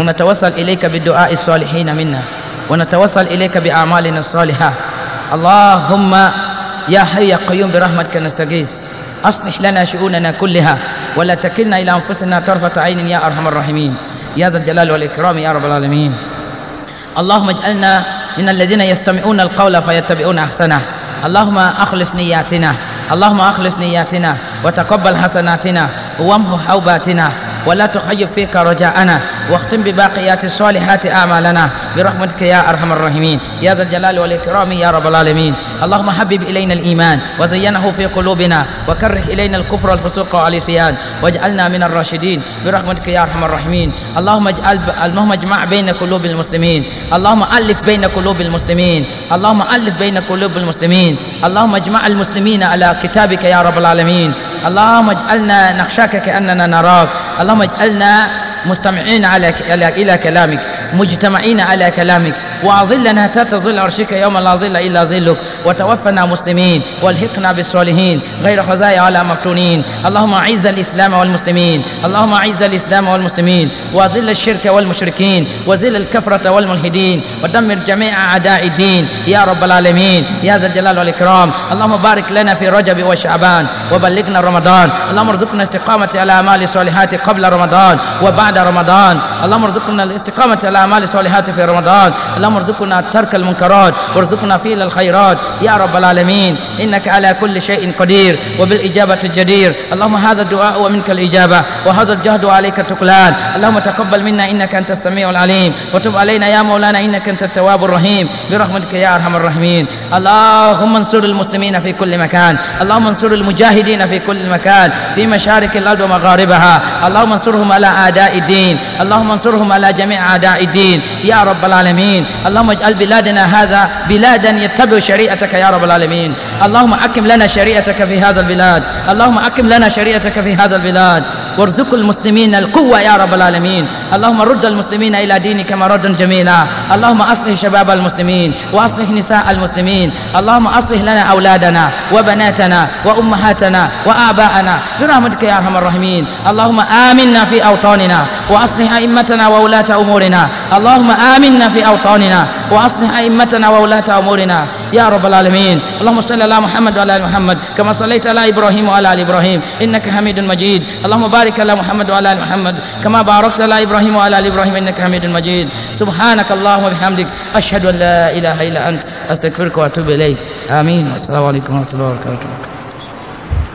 ونتوسل إليك بدعاء الصالحين منا ونتوسل إليك بأعمالنا الصالحة اللهم يا حي يا قيوم برحمتك نستغيث أصلح لنا شؤوننا كلها ولا تكلنا إلى أنفسنا طرفة عين يا أرحم الراحمين يا ذا الجلال والإكرام يا رب العالمين اللهم اجعلنا من الذين يستمعون القول فيتبعون أحسنه اللهم أخلص نياتنا اللهم أخلص نياتنا وتقبل حسناتنا وامح حوباتنا ولا تخيب فيك رجاءنا واختم بباقيات الصالحات أعمالنا برحمتك يا أرحم الراحمين يا ذا الجلال والإكرام يا رب العالمين اللهم حبب إلينا الإيمان وزينه في قلوبنا وكره إلينا الكفر والفسوق والعصيان واجعلنا من الراشدين برحمتك يا أرحم الراحمين اللهم اجعل اللهم اجمع بين قلوب المسلمين اللهم ألف بين قلوب المسلمين اللهم ألف بين قلوب المسلمين اللهم اجمع المسلمين على كتابك يا رب العالمين اللهم اجعلنا نخشاك كأننا نراك اللهم اجعلنا مستمعين على إلى كلامك مجتمعين على كلامك وأظلنا تتظل ظل عرشك يوم لا ظل إلا ظلك وتوفنا مسلمين والحقنا بالصالحين غير خزايا على مفتونين اللهم أعز الإسلام والمسلمين اللهم أعز الإسلام والمسلمين وأذل الشرك والمشركين وذل الكفرة والملحدين ودمر جميع أعداء الدين يا رب العالمين يا ذا الجلال والإكرام اللهم بارك لنا في رجب وشعبان وبلغنا رمضان اللهم ارزقنا استقامة على أعمال الصالحات قبل رمضان وبعد رمضان اللهم ارزقنا الاستقامة على أعمال الصالحات في رمضان اللهم ارزقنا ترك المنكرات وارزقنا فعل الخيرات يا رب العالمين إنك على كل شيء قدير وبالإجابة الجدير اللهم هذا الدعاء ومنك الإجابة وهذا الجهد عليك تقلان اللهم تقبل منا إنك أنت السميع العليم وتب علينا يا مولانا إنك أنت التواب الرحيم برحمتك يا أرحم الراحمين اللهم انصر المسلمين في كل مكان اللهم انصر المجاهدين في كل مكان في مشارق الأرض ومغاربها اللهم انصرهم على أعداء الدين اللهم انصرهم على جميع أعداء الدين يا رب العالمين اللهم اجعل بلادنا هذا بلادا يتبع شريعتك يا رب العالمين اللهم أكم لنا شريعتك في هذا البلاد اللهم أكم لنا شريعتك في هذا البلاد وارزق المسلمين القوة يا رب العالمين اللهم رد المسلمين إلى دينك مردا جميلا اللهم أصلح شباب المسلمين وأصلح نساء المسلمين اللهم أصلح لنا أولادنا وبناتنا وأمهاتنا وآباءنا برحمتك يا أرحم الراحمين اللهم آمنا في أوطاننا وأصلح أئمتنا وولاة أمورنا اللهم آمنا في أوطاننا وأصلح أئمتنا وولاة أمورنا يا رب العالمين اللهم صل على محمد وعلى محمد كما صليت على ابراهيم وعلى ال ابراهيم انك حميد مجيد اللهم بارك على محمد وعلى ال محمد كما باركت على ابراهيم وعلى ال ابراهيم انك حميد مجيد سبحانك اللهم وبحمدك اشهد ان لا اله الا انت استغفرك واتوب اليك امين والسلام عليكم ورحمه الله وبركاته